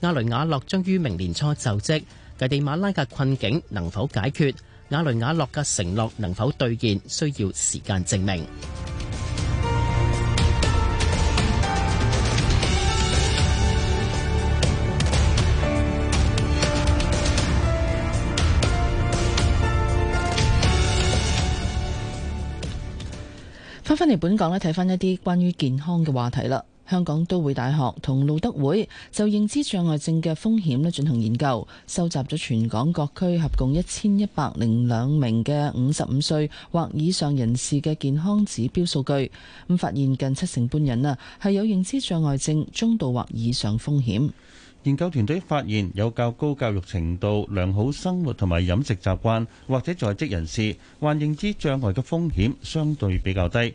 亞雷瓦洛將於明年初就職，危地馬拉嘅困境能否解決，亞雷瓦洛嘅承諾能否兌現，需要時間證明。翻返嚟本港咧，睇翻一啲關於健康嘅話題啦。香港都會大學同路德會就認知障礙症嘅風險呢進行研究，收集咗全港各區合共一千一百零兩名嘅五十五歲或以上人士嘅健康指標數據。咁發現近七成半人啊係有認知障礙症中度或以上風險。研究團隊發現，有較高教育程度、良好生活同埋飲食習慣或者在職人士，患認知障礙嘅風險相對比較低。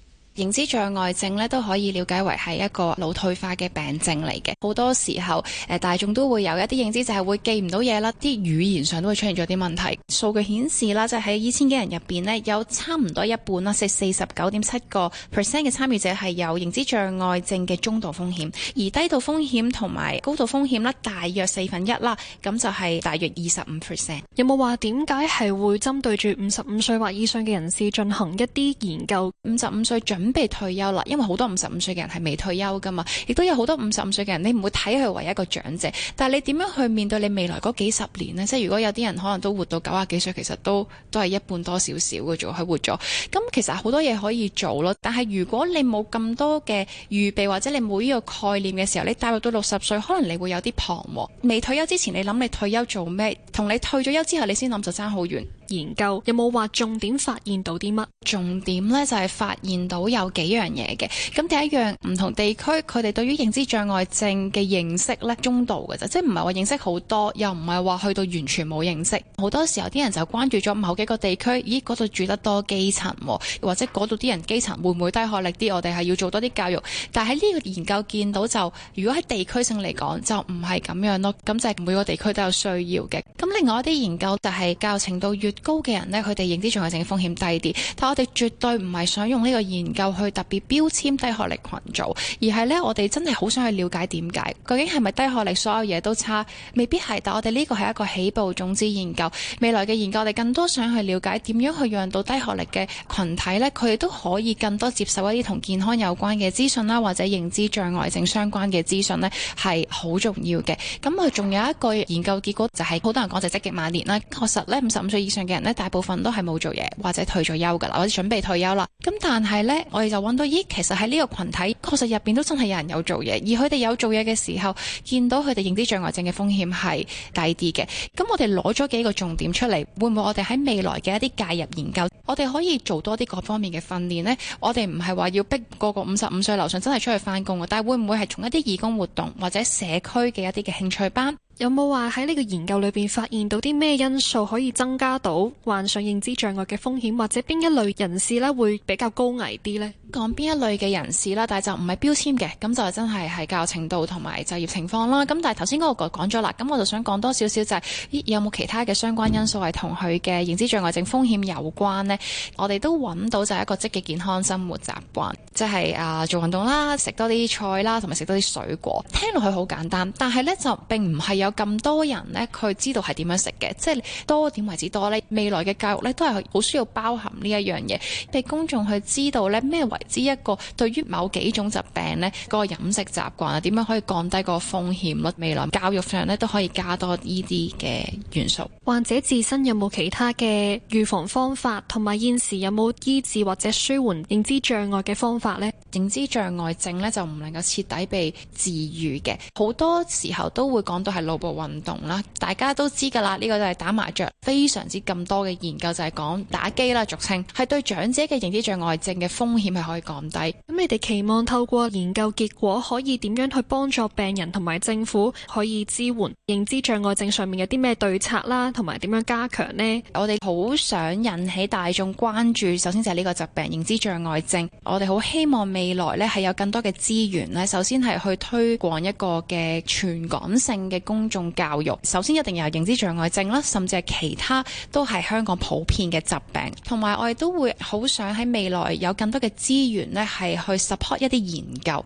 認知障礙症咧都可以瞭解為係一個腦退化嘅病症嚟嘅，好多時候誒、呃、大眾都會有一啲認知就係會記唔到嘢啦，啲語言上都會出現咗啲問題。數據顯示啦，就喺二千幾人入邊呢有差唔多一半啦，四十九點七個 percent 嘅參與者係有認知障礙症嘅中度風險，而低度風險同埋高度風險咧，大約四分一啦，咁就係大約二十五 percent。有冇話點解係會針對住五十五歲或以上嘅人士進行一啲研究？五十五歲進準備、嗯、退休啦，因為好多五十五歲嘅人係未退休噶嘛，亦都有好多五十五歲嘅人，你唔會睇佢為一個長者，但係你點樣去面對你未來嗰幾十年呢？即係如果有啲人可能都活到九啊幾歲，其實都都係一半多少少嘅啫，係活咗。咁、嗯、其實好多嘢可以做咯，但係如果你冇咁多嘅預備或者你冇呢個概念嘅時候，你大約到六十歲，可能你會有啲彷徨。未退休之前，你諗你退休做咩，同你退咗休之後，你先諗就爭好遠。研究有冇話重點發現到啲乜？重點咧就係、是、發現到有幾樣嘢嘅。咁第一樣唔同地區，佢哋對於認知障礙症嘅認識咧中度嘅啫，即係唔係話認識好多，又唔係話去到完全冇認識。好多時候啲人就關注咗某幾個地區，咦嗰度住得多基層、哦，或者嗰度啲人基層會唔會低學歷啲？我哋係要做多啲教育。但係呢個研究見到就，如果喺地區性嚟講就唔係咁樣咯。咁就係每個地區都有需要嘅。咁另外一啲研究就係教育程度越高嘅人呢，佢哋認知障礙症嘅風險低啲，但我哋絕對唔係想用呢個研究去特別標籤低學歷群組，而係呢，我哋真係好想去了解點解，究竟係咪低學歷所有嘢都差？未必係，但我哋呢個係一個起步種子研究，未來嘅研究我哋更多想去了解點樣去讓到低學歷嘅群體呢，佢哋都可以更多接受一啲同健康有關嘅資訊啦，或者認知障礙症相關嘅資訊呢，係好重要嘅。咁啊，仲有一個研究結果就係、是、好多人講就係積極晚年啦，確實呢，五十五歲以上嘅人咧，大部分都係冇做嘢，或者退咗休噶啦，或者準備退休啦。咁但係呢，我哋就揾到，咦，其實喺呢個群體確實入邊都真係有人有做嘢，而佢哋有做嘢嘅時候，見到佢哋認知障礙症嘅風險係低啲嘅。咁我哋攞咗幾個重點出嚟，會唔會我哋喺未來嘅一啲介入研究，我哋可以做多啲各方面嘅訓練呢。我哋唔係話要逼個個五十五歲樓上真係出去翻工啊，但係會唔會係從一啲義工活動或者社區嘅一啲嘅興趣班？有冇話喺呢個研究裏邊發現到啲咩因素可以增加到患上認知障礙嘅風險，或者邊一類人士咧會比較高危啲呢？講邊一類嘅人士啦，但係就唔係標籤嘅，咁就係真係系教程度同埋就業情況啦。咁但係頭先嗰個講咗啦，咁我就想講多少少就係咦，有冇其他嘅相關因素係同佢嘅認知障礙症風險有關呢？我哋都揾到就係一個積極健康生活習慣，即係啊做運動啦，食多啲菜啦，同埋食多啲水果。聽落去好簡單，但係呢就並唔係有。咁多人呢，佢知道係點樣食嘅，即係多點為止多呢，未來嘅教育呢都係好需要包含呢一樣嘢，俾公眾去知道呢咩為之一個對於某幾種疾病呢個飲食習慣啊，點樣可以降低個風險率。未來教育上呢都可以加多呢啲嘅元素。患者自身有冇其他嘅預防方法，同埋現時有冇醫治或者舒緩認知障礙嘅方法呢？認知障礙症呢就唔能夠徹底被治愈嘅，好多時候都會講到係。步步運動啦，大家都知㗎啦，呢、這個就係打麻雀，非常之咁多嘅研究就係、是、講打機啦，俗稱係對長者嘅認知障礙症嘅風險係可以降低。咁你哋期望透過研究結果可以點樣去幫助病人同埋政府可以支援認知障礙症上面有啲咩對策啦，同埋點樣加強呢？我哋好想引起大眾關注，首先就係呢個疾病認知障礙症。我哋好希望未來咧係有更多嘅資源咧，首先係去推廣一個嘅全港性嘅公。公眾教育，首先一定要有認知障礙症啦，甚至係其他都係香港普遍嘅疾病。同埋，我哋都會好想喺未來有更多嘅資源呢，係去 support 一啲研究。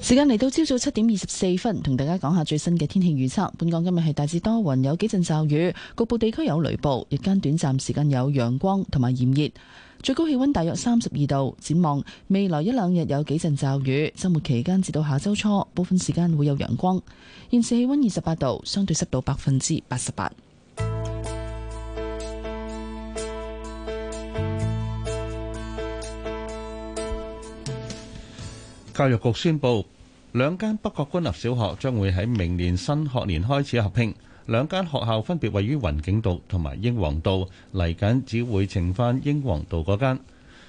時間嚟到朝早七點二十四分，同大家講下最新嘅天氣預測。本港今日係大致多雲，有幾陣驟雨，局部地區有雷暴。日間短暫時間有陽光同埋炎熱。最高氣溫大約三十二度，展望未來一兩日有幾陣驟雨，周末期間至到下周初，部分時間會有陽光。現時氣溫二十八度，相對濕度百分之八十八。教育局宣布，兩間北角官立小學將會喺明年新學年開始合併。兩間學校分別位於雲景道同埋英皇道，嚟緊只會剩返英皇道嗰間。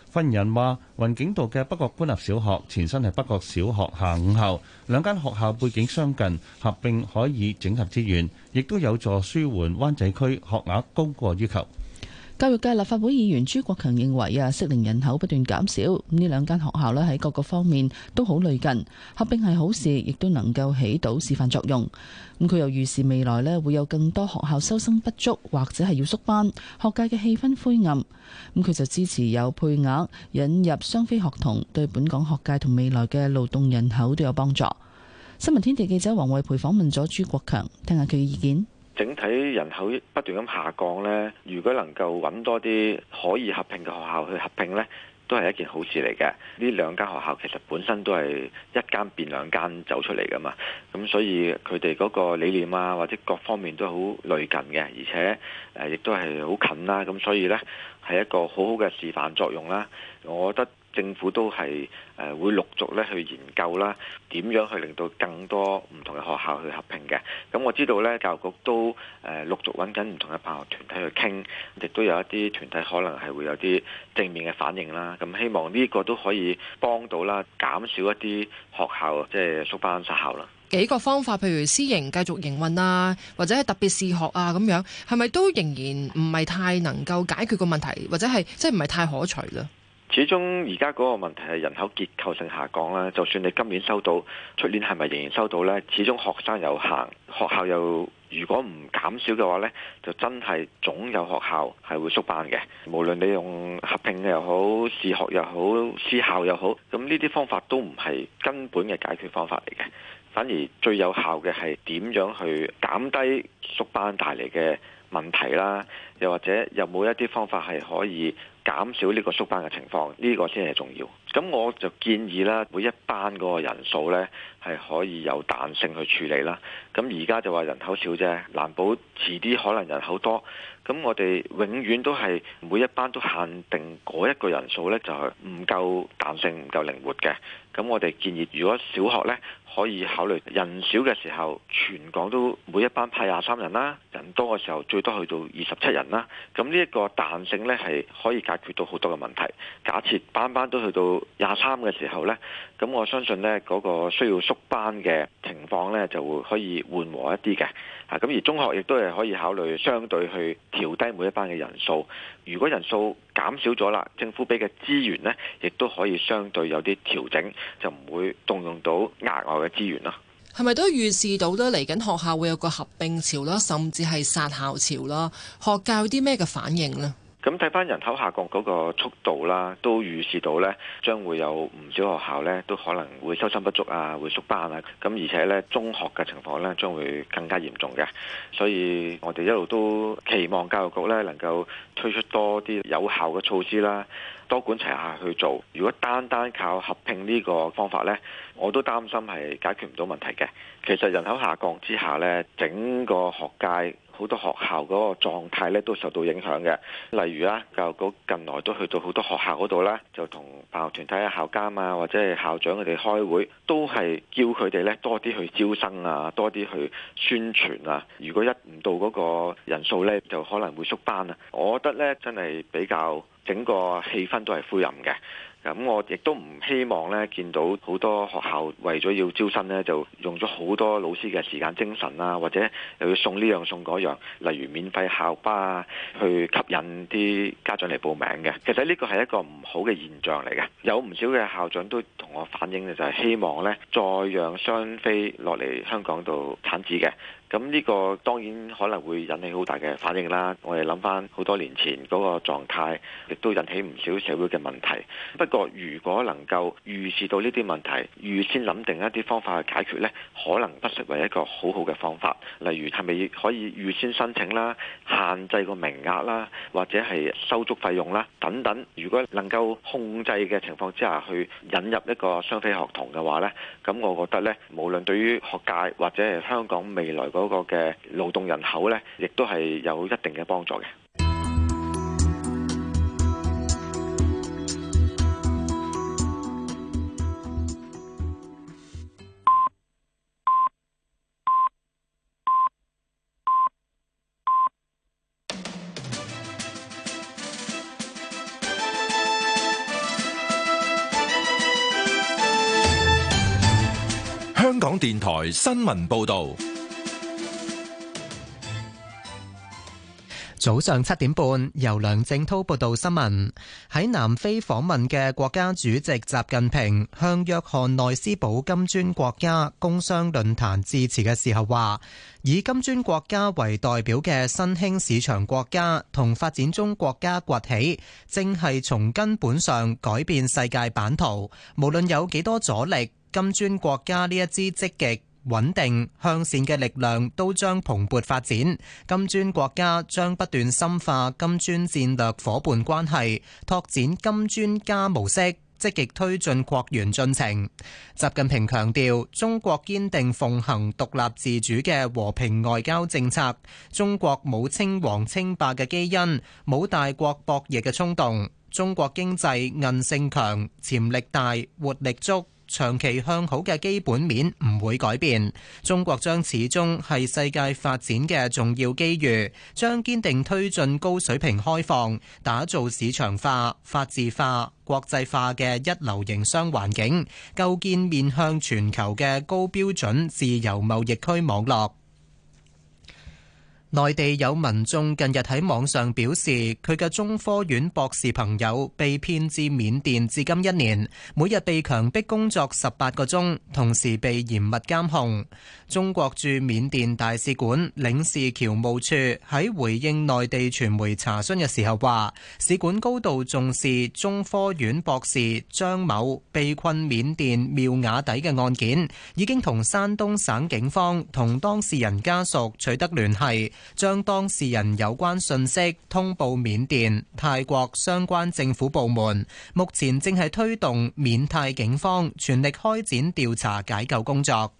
分人話，雲景道嘅北角官立小學前身係北角小學下午校，兩間學校背景相近，合併可以整合資源，亦都有助舒緩灣仔區學額高過要求。教育界立法會議員朱國強認為啊，適齡人口不斷減少，呢兩間學校咧喺各個方面都好類近，合併係好事，亦都能夠起到示範作用。咁佢又預示未來咧會有更多學校收生不足或者係要縮班，學界嘅氣氛灰暗。咁佢就支持有配額引入雙非學童，對本港學界同未來嘅勞動人口都有幫助。新聞天地記者黃惠培訪問咗朱國強，聽下佢嘅意見。整體人口不斷咁下降咧，如果能夠揾多啲可以合併嘅學校去合併咧，都係一件好事嚟嘅。呢兩間學校其實本身都係一間變兩間走出嚟噶嘛，咁所以佢哋嗰個理念啊，或者各方面都好類近嘅，而且誒、呃、亦都係好近啦、啊，咁所以咧係一個好好嘅示範作用啦、啊。我覺得。政府都係誒會陸續咧去研究啦，點樣去令到更多唔同嘅學校去合併嘅。咁我知道咧，教育局都誒陸續揾緊唔同嘅辦學團體去傾，亦都有一啲團體可能係會有啲正面嘅反應啦。咁希望呢個都可以幫到啦，減少一啲學校即係縮班殺校啦。幾個方法，譬如私營繼續營運啊，或者係特別試學啊，咁樣係咪都仍然唔係太能夠解決個問題，或者係即係唔係太可取啦？始終而家嗰個問題係人口結構性下降啦，就算你今年收到，出年係咪仍然收到呢？始終學生有限，學校又如果唔減少嘅話呢，就真係總有學校係會縮班嘅。無論你用合併又好，試學又好，試校又好，咁呢啲方法都唔係根本嘅解決方法嚟嘅，反而最有效嘅係點樣去減低縮班帶嚟嘅問題啦，又或者有冇一啲方法係可以減少呢個縮班嘅情況？呢個先係重要。咁我就建議啦，每一班嗰個人數呢係可以有彈性去處理啦。咁而家就話人口少啫，難保遲啲可能人口多。咁我哋永遠都係每一班都限定嗰一個人數呢，就係唔夠彈性、唔夠靈活嘅。咁我哋建議，如果小學呢。可以考慮人少嘅時候，全港都每一班派廿三人啦；人多嘅時候，最多去到二十七人啦。咁呢一個彈性呢，係可以解決到好多嘅問題。假設班班都去到廿三嘅時候呢，咁我相信呢嗰個需要縮班嘅情況呢，就會可以緩和一啲嘅。咁而中學亦都係可以考慮相對去調低每一班嘅人數。如果人數減少咗啦，政府俾嘅資源呢亦都可以相對有啲調整，就唔會動用到額外嘅資源啦。係咪都預示到呢？嚟緊學校會有個合併潮啦，甚至係殺校潮啦？學界有啲咩嘅反應呢？咁睇翻人口下降嗰個速度啦，都預示到呢將會有唔少學校呢都可能會收生不足啊，會縮班啦。咁而且呢，中學嘅情況呢將會更加嚴重嘅。所以我哋一路都期望教育局呢能夠推出多啲有效嘅措施啦，多管齊下去做。如果單單靠合併呢個方法呢，我都擔心係解決唔到問題嘅。其實人口下降之下呢，整個學界，好多學校嗰個狀態咧都受到影響嘅，例如啊，教育局近來都去到好多學校嗰度啦，就同辦學團體、校監啊，或者係校長佢哋開會，都係叫佢哋咧多啲去招生啊，多啲去宣傳啊。如果一唔到嗰個人數咧，就可能會縮班啊。我覺得咧，真係比較整個氣氛都係灰暗嘅。咁我亦都唔希望咧，見到好多學校為咗要招生咧，就用咗好多老師嘅時間、精神啦、啊，或者又要送呢樣送嗰樣，例如免費校巴去吸引啲家長嚟報名嘅。其實呢個係一個唔好嘅現象嚟嘅，有唔少嘅校長都同我反映嘅，就係、是、希望咧再讓雙非落嚟香港度產子嘅。咁呢個當然可能會引起好大嘅反應啦。我哋諗翻好多年前嗰個狀態，亦都引起唔少社會嘅問題。不過如果能夠預示到呢啲問題，預先諗定一啲方法去解決咧，可能不失為一個好好嘅方法。例如係咪可以預先申請啦、限制個名額啦，或者係收足費用啦等等。如果能夠控制嘅情況之下，去引入一個雙非學童嘅話咧，咁我覺得咧，無論對於學界或者係香港未來。嗰個嘅勞動人口咧，亦都係有一定嘅幫助嘅。香港電台新聞報導。早上七點半，由梁正濤報道新聞。喺南非訪問嘅國家主席習近平向約翰內斯堡金磚國家工商論壇致辭嘅時候話，以金磚國家為代表嘅新興市場國家同發展中國家崛起，正係從根本上改變世界版圖。無論有幾多阻力，金磚國家呢一支積極。穩定向善嘅力量都將蓬勃發展，金磚國家將不斷深化金磚戰略夥伴關係，拓展金磚加模式，積極推進國元進程。習近平強調，中國堅定奉行獨立自主嘅和平外交政策，中國冇稱王稱霸嘅基因，冇大國博弈嘅衝動，中國經濟韌性強，潛力大，活力足。長期向好嘅基本面唔會改變，中國將始終係世界發展嘅重要機遇，將堅定推進高水平開放，打造市場化、法治化、國際化嘅一流營商環境，構建面向全球嘅高標準自由貿易區網絡。內地有民眾近日喺網上表示，佢嘅中科院博士朋友被騙至緬甸，至今一年，每日被強迫工作十八個鐘，同時被嚴密監控。中國駐緬甸大使館領事僑務處喺回應內地傳媒查詢嘅時候話，使館高度重視中科院博士張某被困緬甸妙瓦底嘅案件，已經同山東省警方同當事人家屬取得聯繫。將當事人有關信息通報緬甸、泰國相關政府部門，目前正係推動緬泰警方全力開展調查解救工作。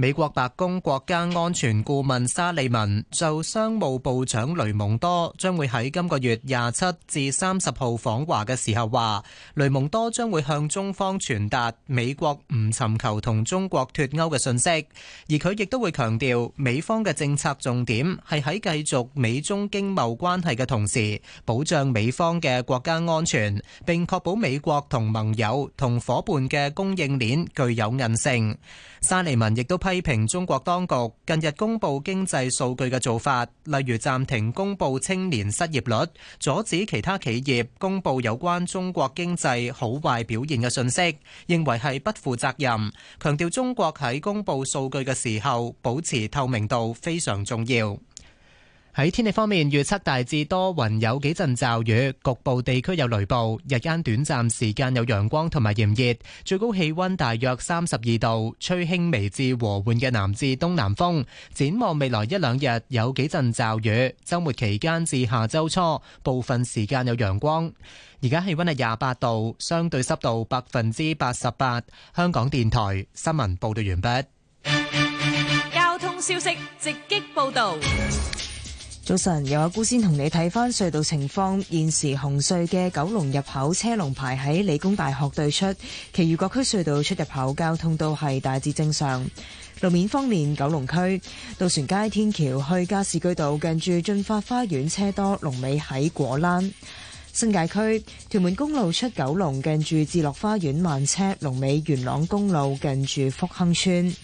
美國白宮國家安全顧問沙利文就商務部長雷蒙多將會喺今個月廿七至三十號訪華嘅時候話，雷蒙多將會向中方傳達美國唔尋求同中國脫鉤嘅信息，而佢亦都會強調美方嘅政策重點係喺繼續美中經貿關係嘅同時，保障美方嘅國家安全，並確保美國同盟友同伙伴嘅供應鏈具有韌性。沙利文亦都批評中國當局近日公布經濟數據嘅做法，例如暫停公布青年失業率，阻止其他企業公布有關中國經濟好壞表現嘅信息，認為係不負責任，強調中國喺公布數據嘅時候，保持透明度非常重要。喺天氣方面，預測大致多雲，有幾陣驟雨，局部地區有雷暴。日間短暫時間有陽光同埋炎熱，最高氣溫大約三十二度，吹輕微至和緩嘅南至東南風。展望未來一兩日有幾陣驟雨，周末期間至下周初部分時間有陽光。而家氣溫係廿八度，相對濕度百分之八十八。香港電台新聞報道完畢。交通消息直擊報道。早晨，由阿姑先同你睇翻隧道情況。現時紅隧嘅九龍入口車龍排喺理工大學對出，其餘各區隧道出入口交通都係大致正常。路面方面，九龍區渡船街天橋去加士居道近住駿發花園車多，龍尾喺果欄；新界區屯門公路出九龍近住智樂花園慢車，龍尾元朗公路近住福亨村。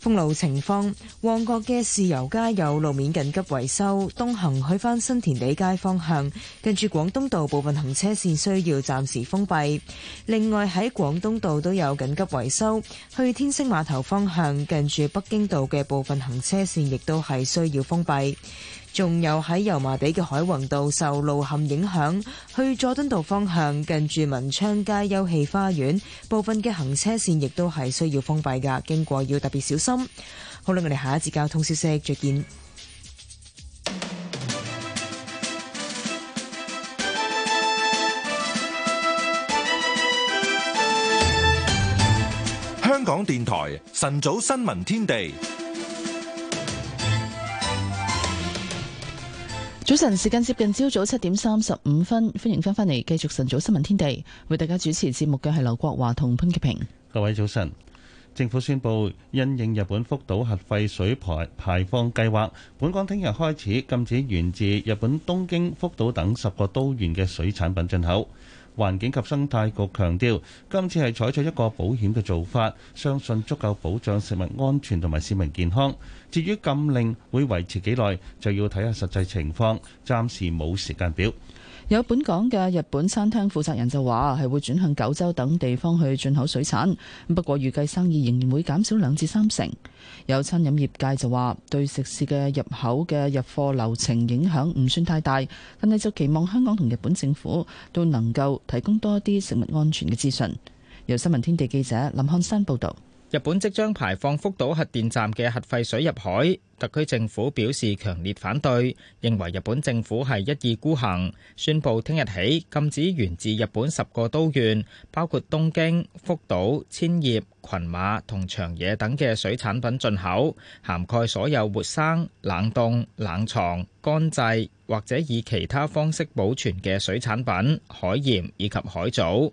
封路情況，旺角嘅豉油街有路面緊急維修，東行去返新填地街方向，近住廣東道部分行車線需要暫時封閉。另外喺廣東道都有緊急維修，去天星碼頭方向，近住北京道嘅部分行車線亦都係需要封閉。仲有喺油麻地嘅海泓道受路陷影響，去佐敦道方向近住文昌街休憩花園，部分嘅行車線亦都係需要封閉噶，經過要特別小心。好啦，我哋下一節交通消息再見。香港電台晨早新聞天地。早晨，時間接近朝早七點三十五分，歡迎翻返嚟繼續晨早新聞天地，為大家主持節目嘅係劉國華同潘潔平。各位早晨，政府宣布，因應日本福島核廢水排排放計劃，本港聽日開始禁止源自日本東京、福島等十個都縣嘅水產品進口。環境及生態局強調，今次係採取一個保險嘅做法，相信足夠保障食物安全同埋市民健康。至於禁令會維持幾耐，就要睇下實際情況，暫時冇時間表。有本港嘅日本餐廳負責人就話，係會轉向九州等地方去進口水產，不過預計生意仍然會減少兩至三成。有餐飲業界就話，對食肆嘅入口嘅入貨流程影響唔算太大，但係就期望香港同日本政府都能夠提供多啲食物安全嘅資訊。由新聞天地記者林漢山報道。日本即將排放福島核電站嘅核廢水入海，特區政府表示強烈反對，認為日本政府係一意孤行。宣布聽日起禁止源自日本十個都縣，包括東京、福島、千葉、群馬同長野等嘅水產品進口，涵蓋所有活生、冷凍、冷藏、乾製或者以其他方式保存嘅水產品、海鹽以及海藻。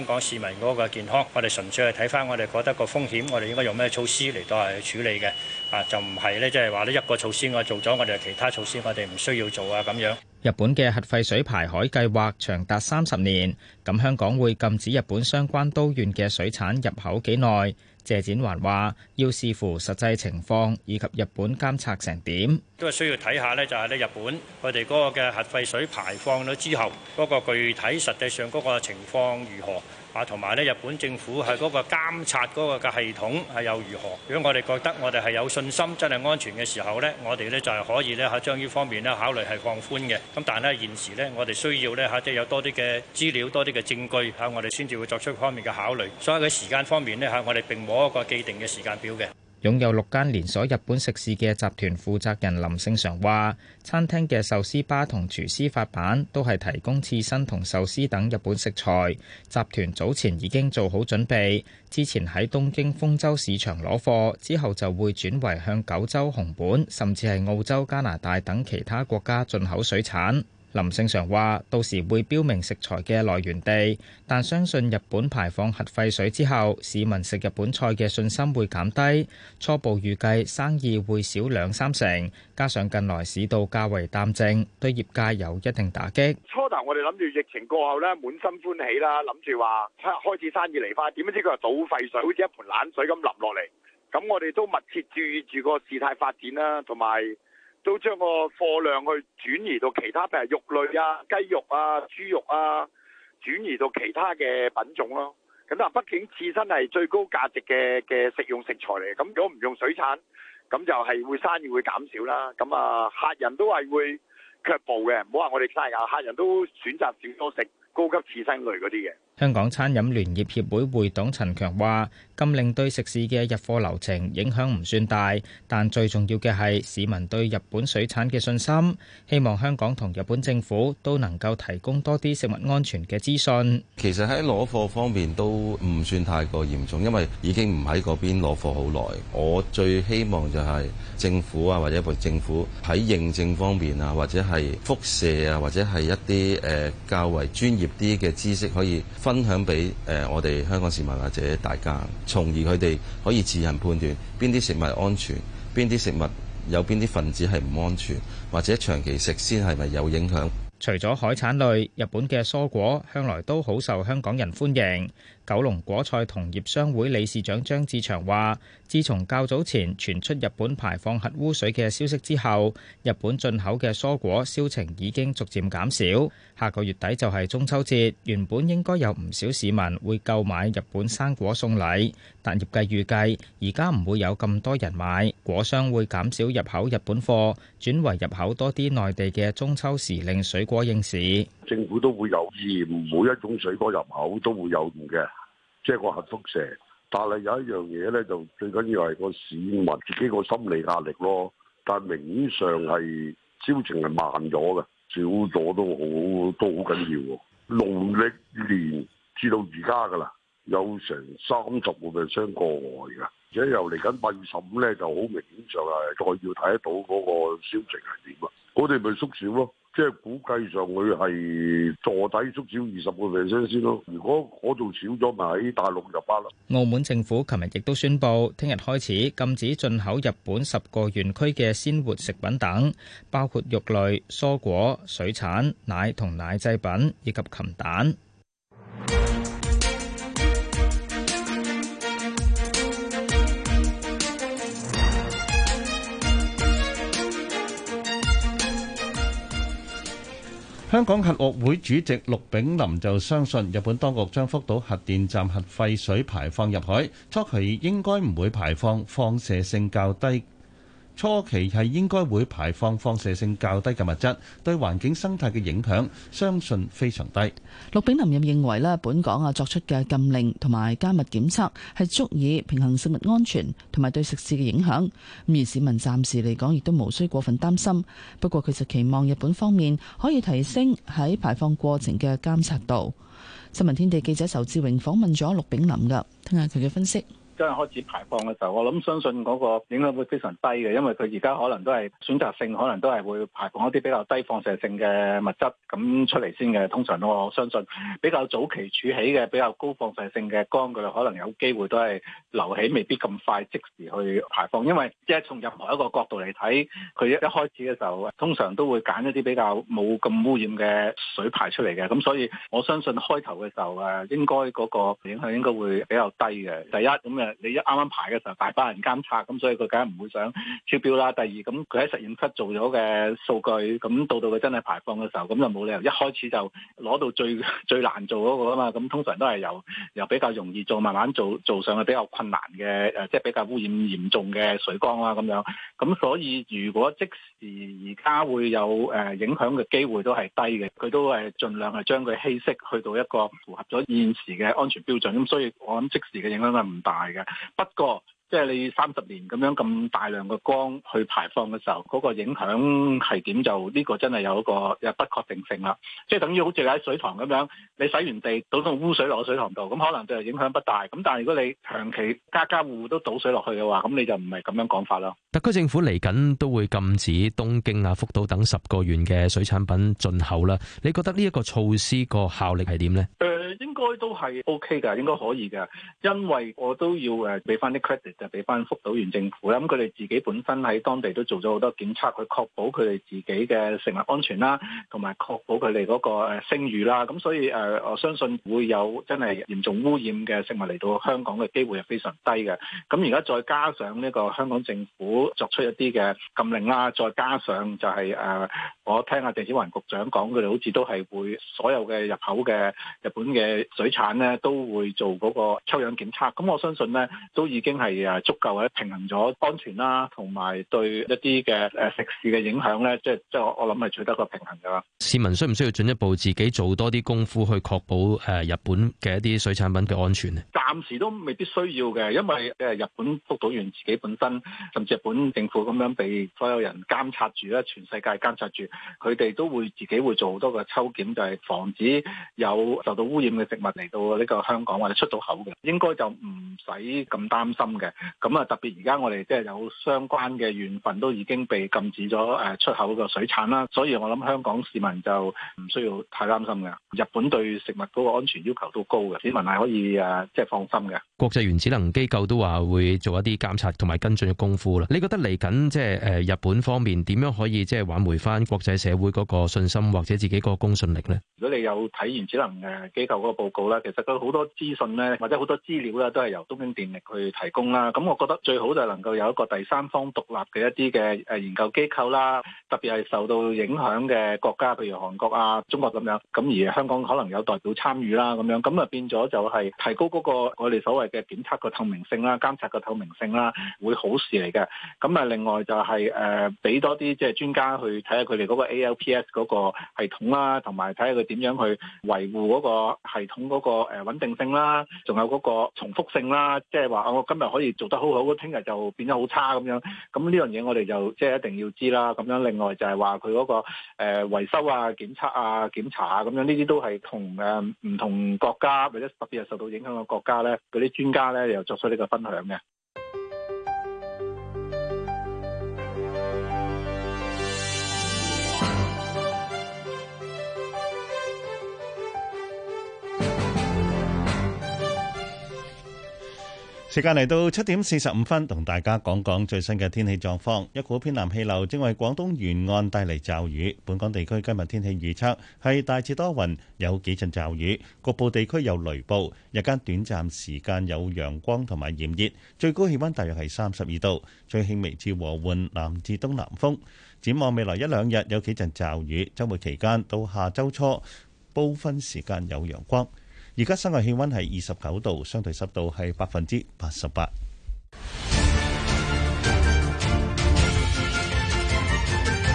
香港市民嗰個健康，我哋純粹係睇翻我哋覺得個風險，我哋應該用咩措施嚟到係處理嘅。啊，就唔係咧，即係話呢一個措施我做咗，我哋其他措施我哋唔需要做啊咁樣。日本嘅核廢水排海計劃長達三十年，咁香港會禁止日本相關都縣嘅水產入口幾耐？謝展環話：要視乎實際情況以及日本監測成點，都係需要睇下呢，就係咧日本佢哋嗰個嘅核廢水排放咗之後，嗰個具體實際上嗰個情況如何。啊，同埋咧，日本政府喺嗰個監察嗰個嘅系統係又如何？如果我哋覺得我哋係有信心真係安全嘅時候咧，我哋咧就係可以咧嚇將呢方面咧考慮係放寬嘅。咁但係咧現時咧，我哋需要咧嚇即係有多啲嘅資料、多啲嘅證據嚇，我哋先至會作出方面嘅考慮。所以喺時間方面咧嚇，我哋並冇一個既定嘅時間表嘅。擁有六間連鎖日本食肆嘅集團負責人林勝常話，餐廳嘅壽司吧同廚師發板都係提供刺身同壽司等日本食材。集團早前已經做好準備，之前喺東京豐洲市場攞貨，之後就會轉為向九州熊本甚至係澳洲、加拿大等其他國家進口水產。林盛祥話，到時會標明食材嘅來源地，但相信日本排放核廢水之後，市民食日本菜嘅信心會減低。初步預計生意會少兩三成，加上近來市道較為淡靜，對業界有一定打擊。初頭我哋諗住疫情過後咧，滿心歡喜啦，諗住話開始生意嚟翻，點不知佢係倒廢水，好似一盆冷水咁淋落嚟。咁我哋都密切注意住個事態發展啦，同埋。都將個貨量去轉移到其他，譬如肉類啊、雞肉啊、豬肉啊，轉移到其他嘅品種咯。咁但係畢竟刺身係最高價值嘅嘅食用食材嚟，咁如果唔用水產，咁就係會生意會減少啦。咁啊，客人都係會卻步嘅，唔好話我哋嘥油，客人都選擇少咗食高級刺身類嗰啲嘅。香港餐飲聯業協會會長陳強話：禁令對食肆嘅入貨流程影響唔算大，但最重要嘅係市民對日本水產嘅信心。希望香港同日本政府都能夠提供多啲食物安全嘅資訊。其實喺攞貨方面都唔算太過嚴重，因為已經唔喺嗰邊攞貨好耐。我最希望就係政府啊，或者政府喺認證方面啊，或者係輻射啊，或者係一啲誒較為專業啲嘅知識可以分分享俾誒我哋香港市民或者大家，從而佢哋可以自行判斷邊啲食物安全，邊啲食物有邊啲分子係唔安全，或者長期食先係咪有影響。除咗海產類，日本嘅蔬果向來都好受香港人歡迎。九龍果菜同業商會理事長張志祥話。自從較早前傳出日本排放核污水嘅消息之後，日本進口嘅蔬果銷情已經逐漸減少。下個月底就係中秋節，原本應該有唔少市民會購買日本生果送禮，但業界預計而家唔會有咁多人買，果商會減少入口日本貨，轉為入口多啲內地嘅中秋時令水果應市。政府都會有意，每一種水果入口都會有驗嘅，即係個核輻射。但係有一樣嘢咧，就最緊要係個市民自己個心理壓力咯。但係明顯上係銷情係慢咗嘅，少咗都好，都好緊要喎。農曆年至到而家噶啦，有成三十個 percent 過外噶，而且由嚟緊八月十五咧，就好明顯上係再要睇得到嗰個銷情係點啦。我哋咪縮少咯，即係估計上佢係坐底縮少二十個 percent 先咯。如果嗰度少咗，咪喺大陸入翻啦。澳門政府琴日亦都宣布，聽日開始禁止進口日本十個縣區嘅鮮活食品等，包括肉類、蔬果、水產、奶同奶製品以及禽蛋。香港核學會主席陸炳林就相信，日本當局將福島核電站核廢水排放入海，初期應該唔會排放，放射性較低。初期係應該會排放放射性較低嘅物質，對環境生態嘅影響相信非常低。陸炳林又認為呢，本港啊，作出嘅禁令同埋加密檢測係足以平衡食物安全同埋對食肆嘅影響。咁而市民暫時嚟講亦都無需過分擔心。不過佢就期望日本方面可以提升喺排放過程嘅監察度。新聞天地記者仇志榮訪問咗陸炳林噶，聽下佢嘅分析。將開始排放嘅時候，我諗相信嗰個影響會非常低嘅，因為佢而家可能都係選擇性，可能都係會排放一啲比較低放射性嘅物質咁出嚟先嘅。通常都我相信比較早期儲起嘅比較高放射性嘅光，佢可能有機會都係留起，未必咁快即時去排放。因為即係從任何一個角度嚟睇，佢一開始嘅時候，通常都會揀一啲比較冇咁污染嘅水排出嚟嘅。咁所以我相信開頭嘅時候誒，應該嗰個影響應該會比較低嘅。第一咁嘅。你一啱啱排嘅時候，大班人監測，咁所以佢梗係唔會想超標啦。第二，咁佢喺實驗室做咗嘅數據，咁到到佢真係排放嘅時候，咁就冇理由一開始就攞到最最難做嗰個啊嘛。咁通常都係由由比較容易做，慢慢做做上去比較困難嘅，誒即係比較污染嚴重嘅水缸啦咁樣，咁所以如果即時而家會有誒、呃、影響嘅機會都係低嘅，佢都係盡量係將佢稀釋去到一個符合咗現時嘅安全標準，咁所以我諗即時嘅影響係唔大嘅。不過，即係你三十年咁樣咁大量嘅光去排放嘅時候，嗰個影響係點？就呢個真係有一個有不確定性啦。即係等於好似喺水塘咁樣，你洗完地倒到污水落水塘度，咁可能就影響不大。咁但係如果你長期家家戶戶都倒水落去嘅話，咁你就唔係咁樣講法咯。特區政府嚟緊都會禁止東京啊、福島等十個縣嘅水產品進口啦。你覺得呢一個措施個效力係點呢？誒、呃，應該都係 OK 㗎，應該可以嘅，因為我都要誒俾翻啲 credit。就俾翻福島縣政府啦，咁佢哋自己本身喺當地都做咗好多檢測，去確保佢哋自己嘅食物安全啦，同埋確保佢哋嗰個誒聲譽啦。咁所以誒，我相信會有真係嚴重污染嘅食物嚟到香港嘅機會係非常低嘅。咁而家再加上呢個香港政府作出一啲嘅禁令啦，再加上就係、是、誒，我聽阿謝展寰局長講，佢哋好似都係會所有嘅入口嘅日本嘅水產咧，都會做嗰個抽樣檢測。咁我相信咧，都已經係。誒足夠或者平衡咗安全啦，同埋對一啲嘅誒食肆嘅影響咧，即係即係我諗係取得一個平衡噶啦。市民需唔需要進一步自己做多啲功夫去確保誒、呃、日本嘅一啲水產品嘅安全咧？暫時都未必需要嘅，因為誒日本福島縣自己本身，甚至日本政府咁樣被所有人監察住啦，全世界監察住，佢哋都會自己會做好多個抽檢，就係、是、防止有受到污染嘅食物嚟到呢個香港或者出到口嘅，應該就唔使咁擔心嘅。咁啊，特別而家我哋即係有相關嘅縣份，都已經被禁止咗誒出口個水產啦。所以我諗香港市民就唔需要太擔心嘅。日本對食物嗰個安全要求都高嘅，市民係可以誒即係放心嘅。國際原子能機構都話會做一啲監察同埋跟進嘅功夫啦。你覺得嚟緊即係誒日本方面點樣可以即係挽回返國際社會嗰個信心，或者自己個公信力咧？如果你有睇原子能誒機構嗰個報告啦，其實佢好多資訊咧，或者好多資料咧，都係由東京電力去提供啦。咁、嗯、我覺得最好就係能夠有一個第三方獨立嘅一啲嘅誒研究機構啦，特別係受到影響嘅國家，譬如韓國啊、中國咁樣。咁而香港可能有代表參與啦咁樣，咁啊變咗就係提高嗰個我哋所謂嘅檢測個透明性啦、監察個透明性啦，會好事嚟嘅。咁啊，另外就係誒俾多啲即係專家去睇下佢哋嗰個 ALPS 嗰個系統啦，同埋睇下佢點樣去維護嗰個系統嗰個誒穩定性啦，仲有嗰個重複性啦，即係話我今日可以，做得好好，聽日就變咗好差咁樣。咁呢樣嘢我哋就即係一定要知啦。咁樣另外就係話佢嗰個誒、呃、維修啊、檢測啊、檢查啊咁樣，呢啲都係同誒唔同國家或者特別係受到影響嘅國家咧，嗰啲專家咧又作出呢個分享嘅。時間嚟到七點四十五分，同大家講講最新嘅天氣狀況。一股偏南氣流正為廣東沿岸帶嚟驟雨。本港地區今日天氣預測係大致多雲，有幾陣驟雨，局部地區有雷暴。日間短暫時間有陽光同埋炎熱，最高氣温大約係三十二度，吹輕微至和緩南至東南風。展望未來一兩日有幾陣驟雨，周末期間到下周初部分時間有陽光。而家室外氣溫係二十九度，相對濕度係百分之八十八。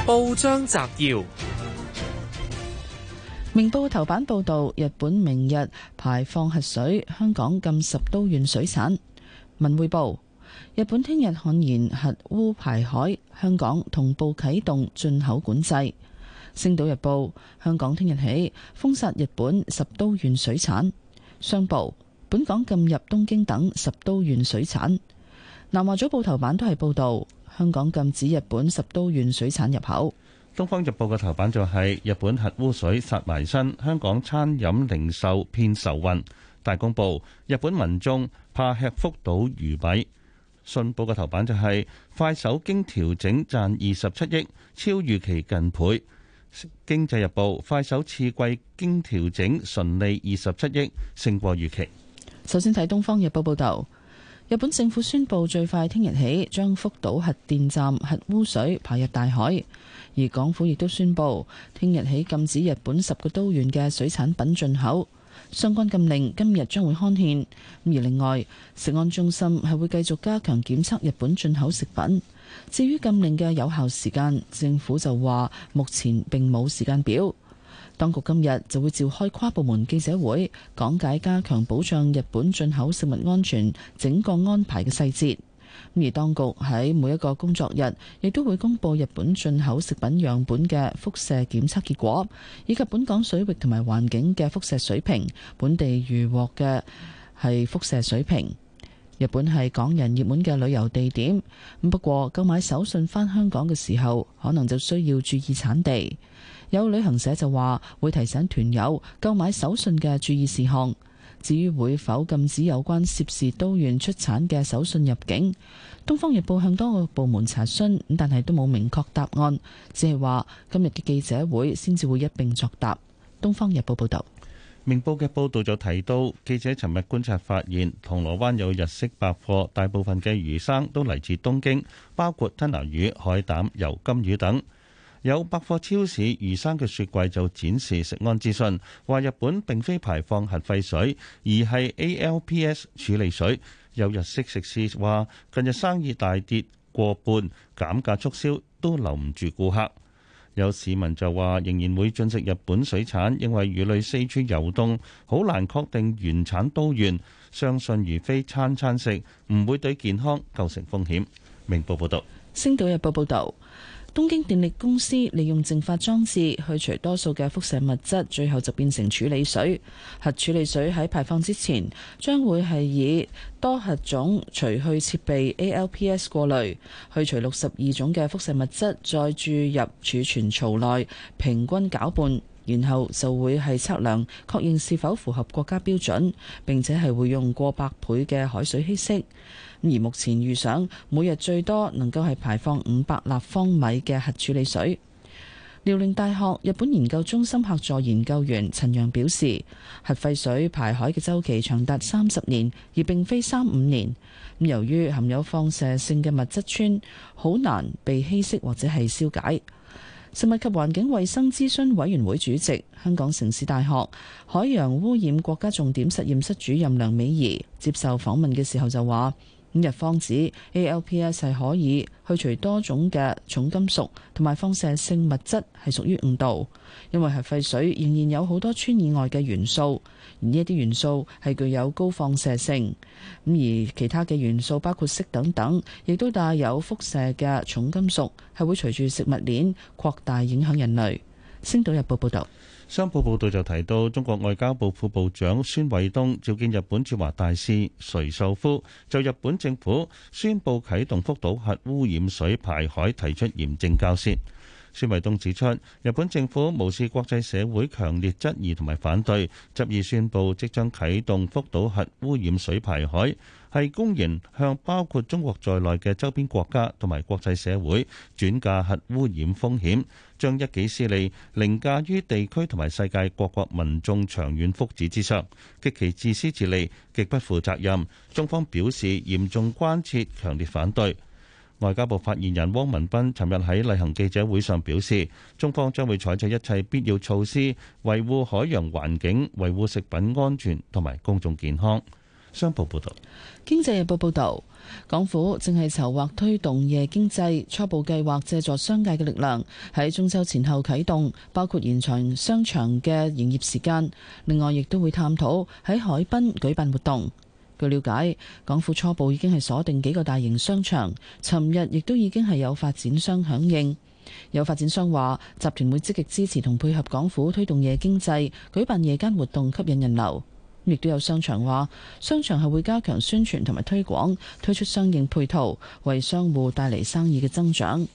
報章摘要：明報頭版報導，日本明日排放核水，香港禁十都縣水產。文匯報：日本聽日罕言核污排海，香港同步啟動進口管制。星島日報：香港聽日起封殺日本十都縣水產。商報，本港禁入東京等十都縣水產。南華早報頭版都係報道香港禁止日本十都縣水產入口。東方日報嘅頭版就係日本核污水殺埋身，香港餐飲零售偏愁運。大公報：日本民眾怕吃福島魚米。信報嘅頭版就係快手經調整賺二十七億，超預期近倍。《經濟日報》快手次季經調整純利二十七億，勝過預期。首先睇《東方日報》報道，日本政府宣布最快聽日起將福島核電站核污水排入大海，而港府亦都宣布聽日起禁止日本十個都縣嘅水產品進口。相關禁令今日將會刊憲。而另外，食安中心係會繼續加強檢測日本進口食品。至於禁令嘅有效時間，政府就話目前並冇時間表。當局今日就會召開跨部門記者會，講解加強保障日本進口食物安全整個安排嘅細節。而當局喺每一個工作日，亦都會公佈日本進口食品樣本嘅輻射檢測結果，以及本港水域同埋環境嘅輻射水平，本地漁獲嘅係輻射水平。日本係港人熱門嘅旅遊地點，咁不過購買手信返香港嘅時候，可能就需要注意產地。有旅行社就話會提醒團友購買手信嘅注意事項。至於會否禁止有關涉事都縣出產嘅手信入境，《東方日報》向多個部門查詢，但係都冇明確答案，只係話今日嘅記者會先至會一並作答。《東方日報》報道。明報嘅報導就提到，記者尋日觀察發現，銅鑼灣有日式百貨，大部分嘅魚生都嚟自東京，包括吞拿魚、海膽、油甘魚等。有百貨超市魚生嘅雪櫃就展示食安資訊，話日本並非排放核廢水，而係 ALPS 處理水。有日式食肆話，近日生意大跌過半，減價促銷都留唔住顧客。有市民就話仍然會進食日本水產，因為魚類四處遊動，好難確定原產都源，相信如非餐餐食，唔會對健康構成風險。明報報道。星島日報報導。東京電力公司利用淨化裝置去除多數嘅輻射物質，最後就變成處理水。核處理水喺排放之前，將會係以多核種除去設備 ALPS 過濾，去除六十二種嘅輻射物質，再注入儲存槽內，平均攪拌。然後就會係測量確認是否符合國家標準，並且係會用過百倍嘅海水稀釋。而目前預想每日最多能夠係排放五百立方米嘅核處理水。遼寧大學日本研究中心客座研究員陳陽表示，核廢水排海嘅周期長達三十年，而並非三五年。由於含有放射性嘅物質，穿好難被稀釋或者係消解。食物及環境衛生諮詢委員會主席、香港城市大學海洋污染國家重點實驗室主任梁美儀接受訪問嘅時候就話：五日方指，ALPS 係可以去除多種嘅重金屬同埋放射性物質，係屬於誤導，因為核廢水仍然有好多氚以外嘅元素。呢一啲元素係具有高放射性，咁而其他嘅元素包括砷等等，亦都帶有輻射嘅重金屬，係會隨住食物鏈擴大影響人類。星島日報報導，商報報導就提到，中國外交部副部長孫衛東召見日本駐華大使垂秀夫，就日本政府宣布啟動福島核污染水排海提出嚴正交涉。孫衛東指出，日本政府無視國際社會強烈質疑同埋反對，執意宣布即將啟動福島核污染水排海，係公然向包括中國在內嘅周邊國家同埋國際社會轉嫁核污染風險，將一己私利凌駕於地區同埋世界各國民眾長遠福祉之上，極其自私自利，極不負責任。中方表示嚴重關切，強烈反對。外交部發言人汪文斌尋日喺例行記者會上表示，中方將會採取一切必要措施，維護海洋環境、維護食品安全同埋公眾健康。商報報道，經濟日報報道，港府正係籌劃推動夜經濟，初步計劃借助商界嘅力量喺中秋前後啟動，包括延長商場嘅營業時間，另外亦都會探討喺海濱舉辦活動。據了解，港府初步已經係鎖定幾個大型商場，尋日亦都已經係有發展商響應。有發展商話，集團會積極支持同配合港府推動夜經濟，舉辦夜間活動吸引人流。亦都有商場話，商場係會加強宣傳同埋推廣，推出相應配套，為商戶帶嚟生意嘅增長。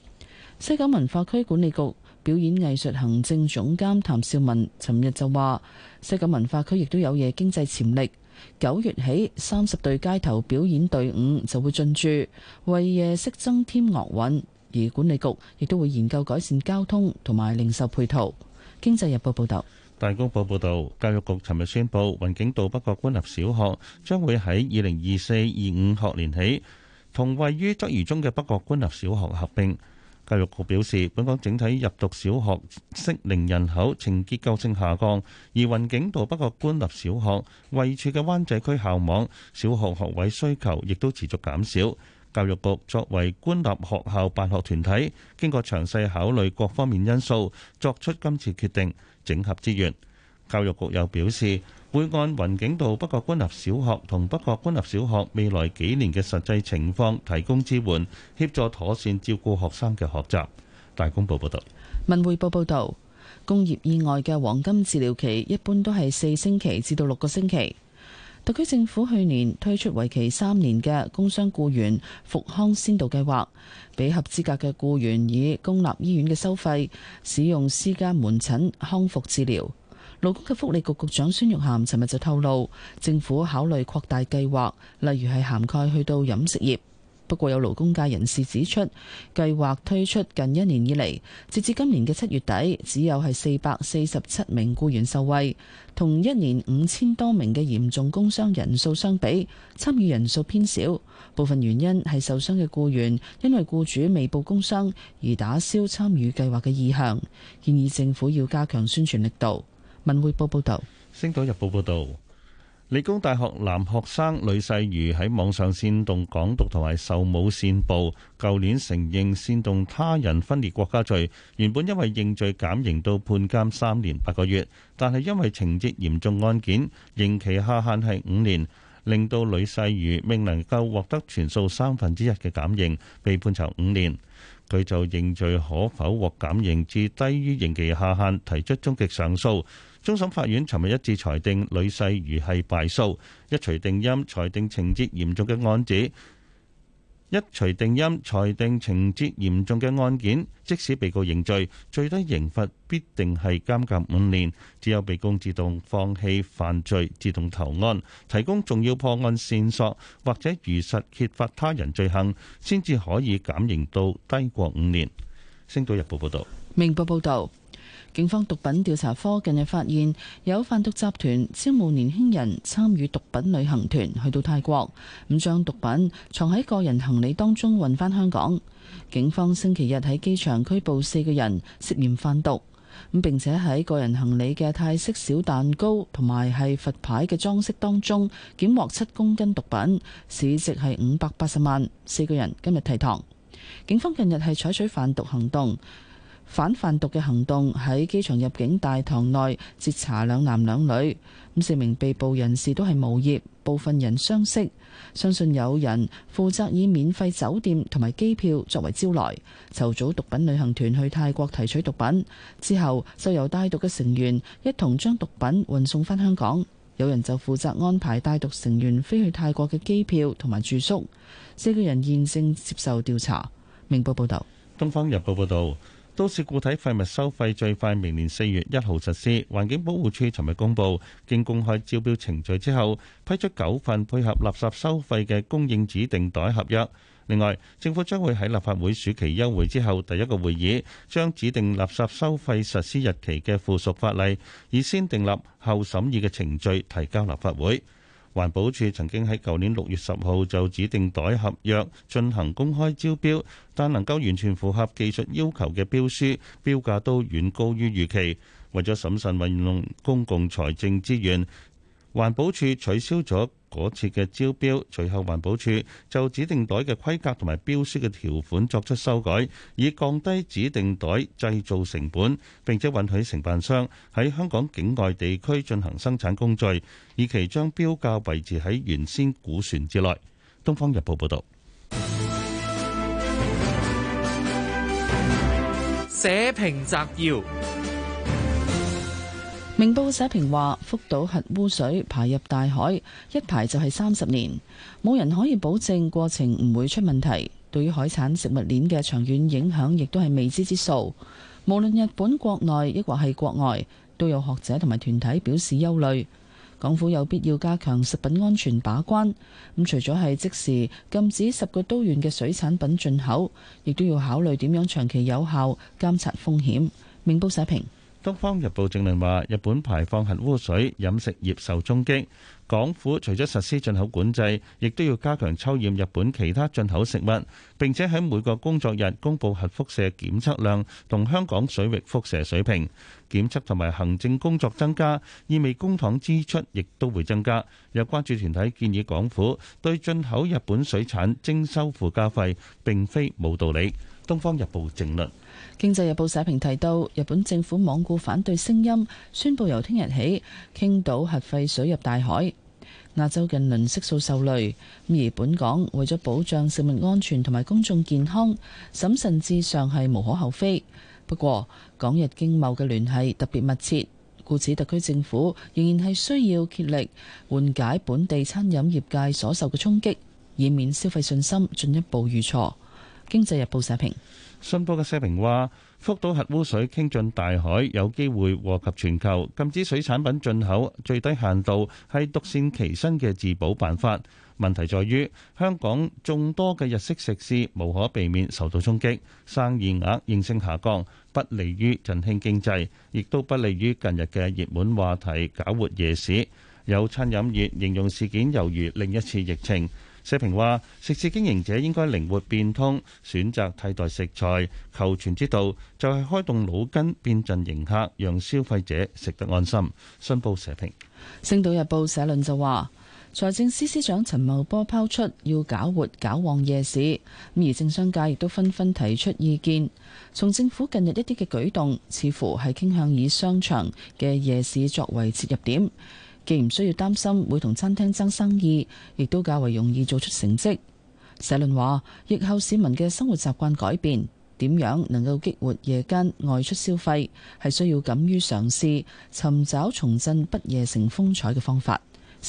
西九文化區管理局表演藝術行政總監譚兆文尋日就話，西九文化區亦都有夜經濟潛力。九月起，三十隊街頭表演隊伍就會進駐，為夜色增添樂韻，而管理局亦都會研究改善交通同埋零售配套。經濟日報報道，大公報報道，教育局尋日宣布，雲景道北角官立小學將會喺二零二四二五學年起，同位於鰂魚涌嘅北角官立小學合併。教育局表示，本港整體入讀小學適齡人口呈結構性下降，而雲景道不過官立小學位處嘅灣仔區校網小學學位需求亦都持續減少。教育局作為官立學校辦學團體，經過詳細考慮各方面因素，作出今次決定整合資源。教育局又表示，會按雲景道北角官立小學同北角官立小學未來幾年嘅實際情況，提供支援，協助妥善照顧學生嘅學習。大公報報道，文匯報報道，工業意外嘅黃金治療期一般都係四星期至到六個星期。特區政府去年推出為期三年嘅工傷僱員復康先導計劃，俾合資格嘅僱員以公立醫院嘅收費使用私家門診康復治療。勞工及福利局局長孫玉菡尋日就透露，政府考慮擴大計劃，例如係涵蓋去到飲食業。不過，有勞工界人士指出，計劃推出近一年以嚟，截至今年嘅七月底，只有係四百四十七名僱員受惠，同一年五千多名嘅嚴重工傷人數相比，參與人數偏少。部分原因係受傷嘅僱員因為僱主未報工傷而打消參與計劃嘅意向。建議政府要加強宣傳力度。文匯報報道，《星島日報》報道，理工大學男學生呂世瑜喺網上煽動港獨同埋售武煽暴，舊年承認煽動他人分裂國家罪，原本因為認罪減刑到判監三年八個月，但係因為情節嚴重案件，刑期下限係五年，令到呂世瑜未能夠獲得全數三分之一嘅減刑，被判囚五年。佢就認罪可否獲減刑至低於刑期下限，提出終極上訴。終審法院尋日一致裁定女婿如係敗訴，一錘定音裁定情節嚴重嘅案子，一錘定音裁定情節嚴重嘅案件，即使被告認罪，最低刑罰必定係監禁五年。只有被告自動放棄犯罪、自動投案、提供重要破案線索或者如實揭發他人罪行，先至可以減刑到低過五年。星島日報報道，明報報道。警方毒品調查科近日發現有販毒集團招募年輕人參與毒品旅行團去到泰國，咁將毒品藏喺個人行李當中運翻香港。警方星期日喺機場拘捕四個人涉嫌販毒，咁並且喺個人行李嘅泰式小蛋糕同埋係佛牌嘅裝飾當中檢獲七公斤毒品，市值係五百八十萬。四個人今日提堂。警方近日係採取販毒行動。反販毒嘅行動喺機場入境大堂內截查兩男兩女，咁四名被捕人士都係無業，部分人相識，相信有人負責以免費酒店同埋機票作為招徠，籌組毒品旅行團去泰國提取毒品，之後就由帶毒嘅成員一同將毒品運送翻香港。有人就負責安排帶毒成員飛去泰國嘅機票同埋住宿，四個人現正接受調查。明報報道，東方日報報道。都市固體廢物收費最快明年四月一號實施。環境保護署尋日公布，經公開招標程序之後，批出九份配合垃圾收費嘅供應指定袋合約。另外，政府將會喺立法會暑期休會之後第一個會議，將指定垃圾收費實施日期嘅附屬法例，以先訂立後審議嘅程序提交立法會。環保署曾經喺舊年六月十號就指定袋合約進行公開招標，但能夠完全符合技術要求嘅標書標價都遠高於預期，為咗審慎運用公共財政資源，環保署取消咗。嗰次嘅招標，隨後環保署就指定袋嘅規格同埋標書嘅條款作出修改，以降低指定袋製造成本，並且允許承辦商喺香港境外地區進行生產工序，以期將標價維持喺原先估算之內。《東方日報》報道：社評摘要。明報社評話福島核污水排入大海，一排就係三十年，冇人可以保證過程唔會出問題，對於海產食物鏈嘅長遠影響亦都係未知之數，無論日本國內抑或係國外，都有學者同埋團體表示憂慮，港府有必要加強食品安全把關，咁除咗係即時禁止十個都縣嘅水產品進口，亦都要考慮點樣長期有效監察風險，明報社評。《東方日報》評論話：日本排放核污水，飲食業受衝擊。港府除咗實施進口管制，亦都要加強抽驗日本其他進口食物。並且喺每個工作日公佈核輻射檢測量同香港水域輻射水平。檢測同埋行政工作增加，意味公帑支出亦都會增加。有關注團體建議港府對進口日本水產徵收附加費，並非冇道理。《東方日報》正論，《經濟日報》社評提到，日本政府罔顧反對聲音，宣布由聽日起傾倒核廢水入大海，亞洲近鄰悉數受累。而本港為咗保障食物安全同埋公眾健康，審慎至上係無可厚非。不過，港日經貿嘅聯繫特別密切，故此特區政府仍然係需要竭力緩解本地餐飲業界所受嘅衝擊，以免消費信心進一步遇挫。《經濟日報》社評：信報嘅社評話，福島核污水傾進大海，有機會禍及全球。禁止水產品進口最低限度係獨善其身嘅自保辦法。問題在於，香港眾多嘅日式食肆無可避免受到衝擊，生意額應聲下降，不利於振興經濟，亦都不利於近日嘅熱門話題搞活夜市。有餐飲業形容事件猶如另一次疫情。社評話，食肆經營者應該靈活變通，選擇替代食材，求存之道就係開動腦筋，變陣迎客，讓消費者食得安心。信報社評。《星島日報》社論就話，財政司司長陳茂波拋出要搞活搞旺夜市，咁而政商界亦都紛紛提出意見。從政府近日一啲嘅舉動，似乎係傾向以商場嘅夜市作為切入點。既唔需要擔心會同餐廳爭生意，亦都較為容易做出成績。社論話：疫後市民嘅生活習慣改變，點樣能夠激活夜間外出消費，係需要敢於嘗試，尋找重振不夜城風采嘅方法。《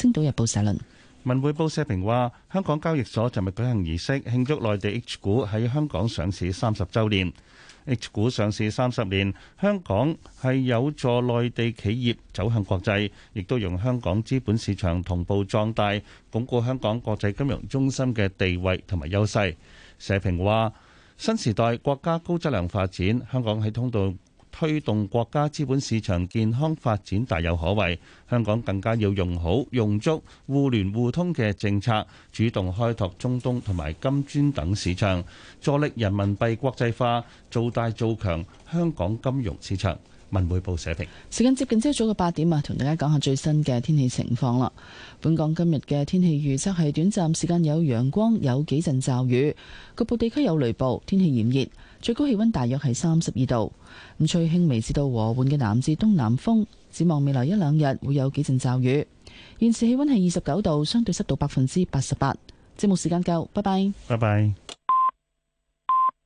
星島日報》社論，《文匯報》社評話：香港交易所尋日舉行儀式，慶祝內地 H 股喺香港上市三十週年。H 股上市三十年，香港係有助內地企業走向國際，亦都用香港資本市場同步壯大，鞏固香港國際金融中心嘅地位同埋優勢。社評話：新時代國家高質量發展，香港喺通道。推動國家資本市場健康發展大有可為，香港更加要用好用足互聯互通嘅政策，主動開拓中東同埋金磚等市場，助力人民幣國際化，做大做強香港金融市場。文匯報社評。時間接近朝早嘅八點啊，同大家講下最新嘅天氣情況啦。本港今日嘅天氣預測係短暫時間有陽光，有幾陣驟雨，局部地區有雷暴，天氣炎熱。最高氣溫大約係三十二度，咁吹輕微至到和緩嘅南至東南風，展望未來一兩日會有幾陣驟雨。現時氣溫係二十九度，相對濕度百分之八十八。節目時間夠，拜拜，拜拜。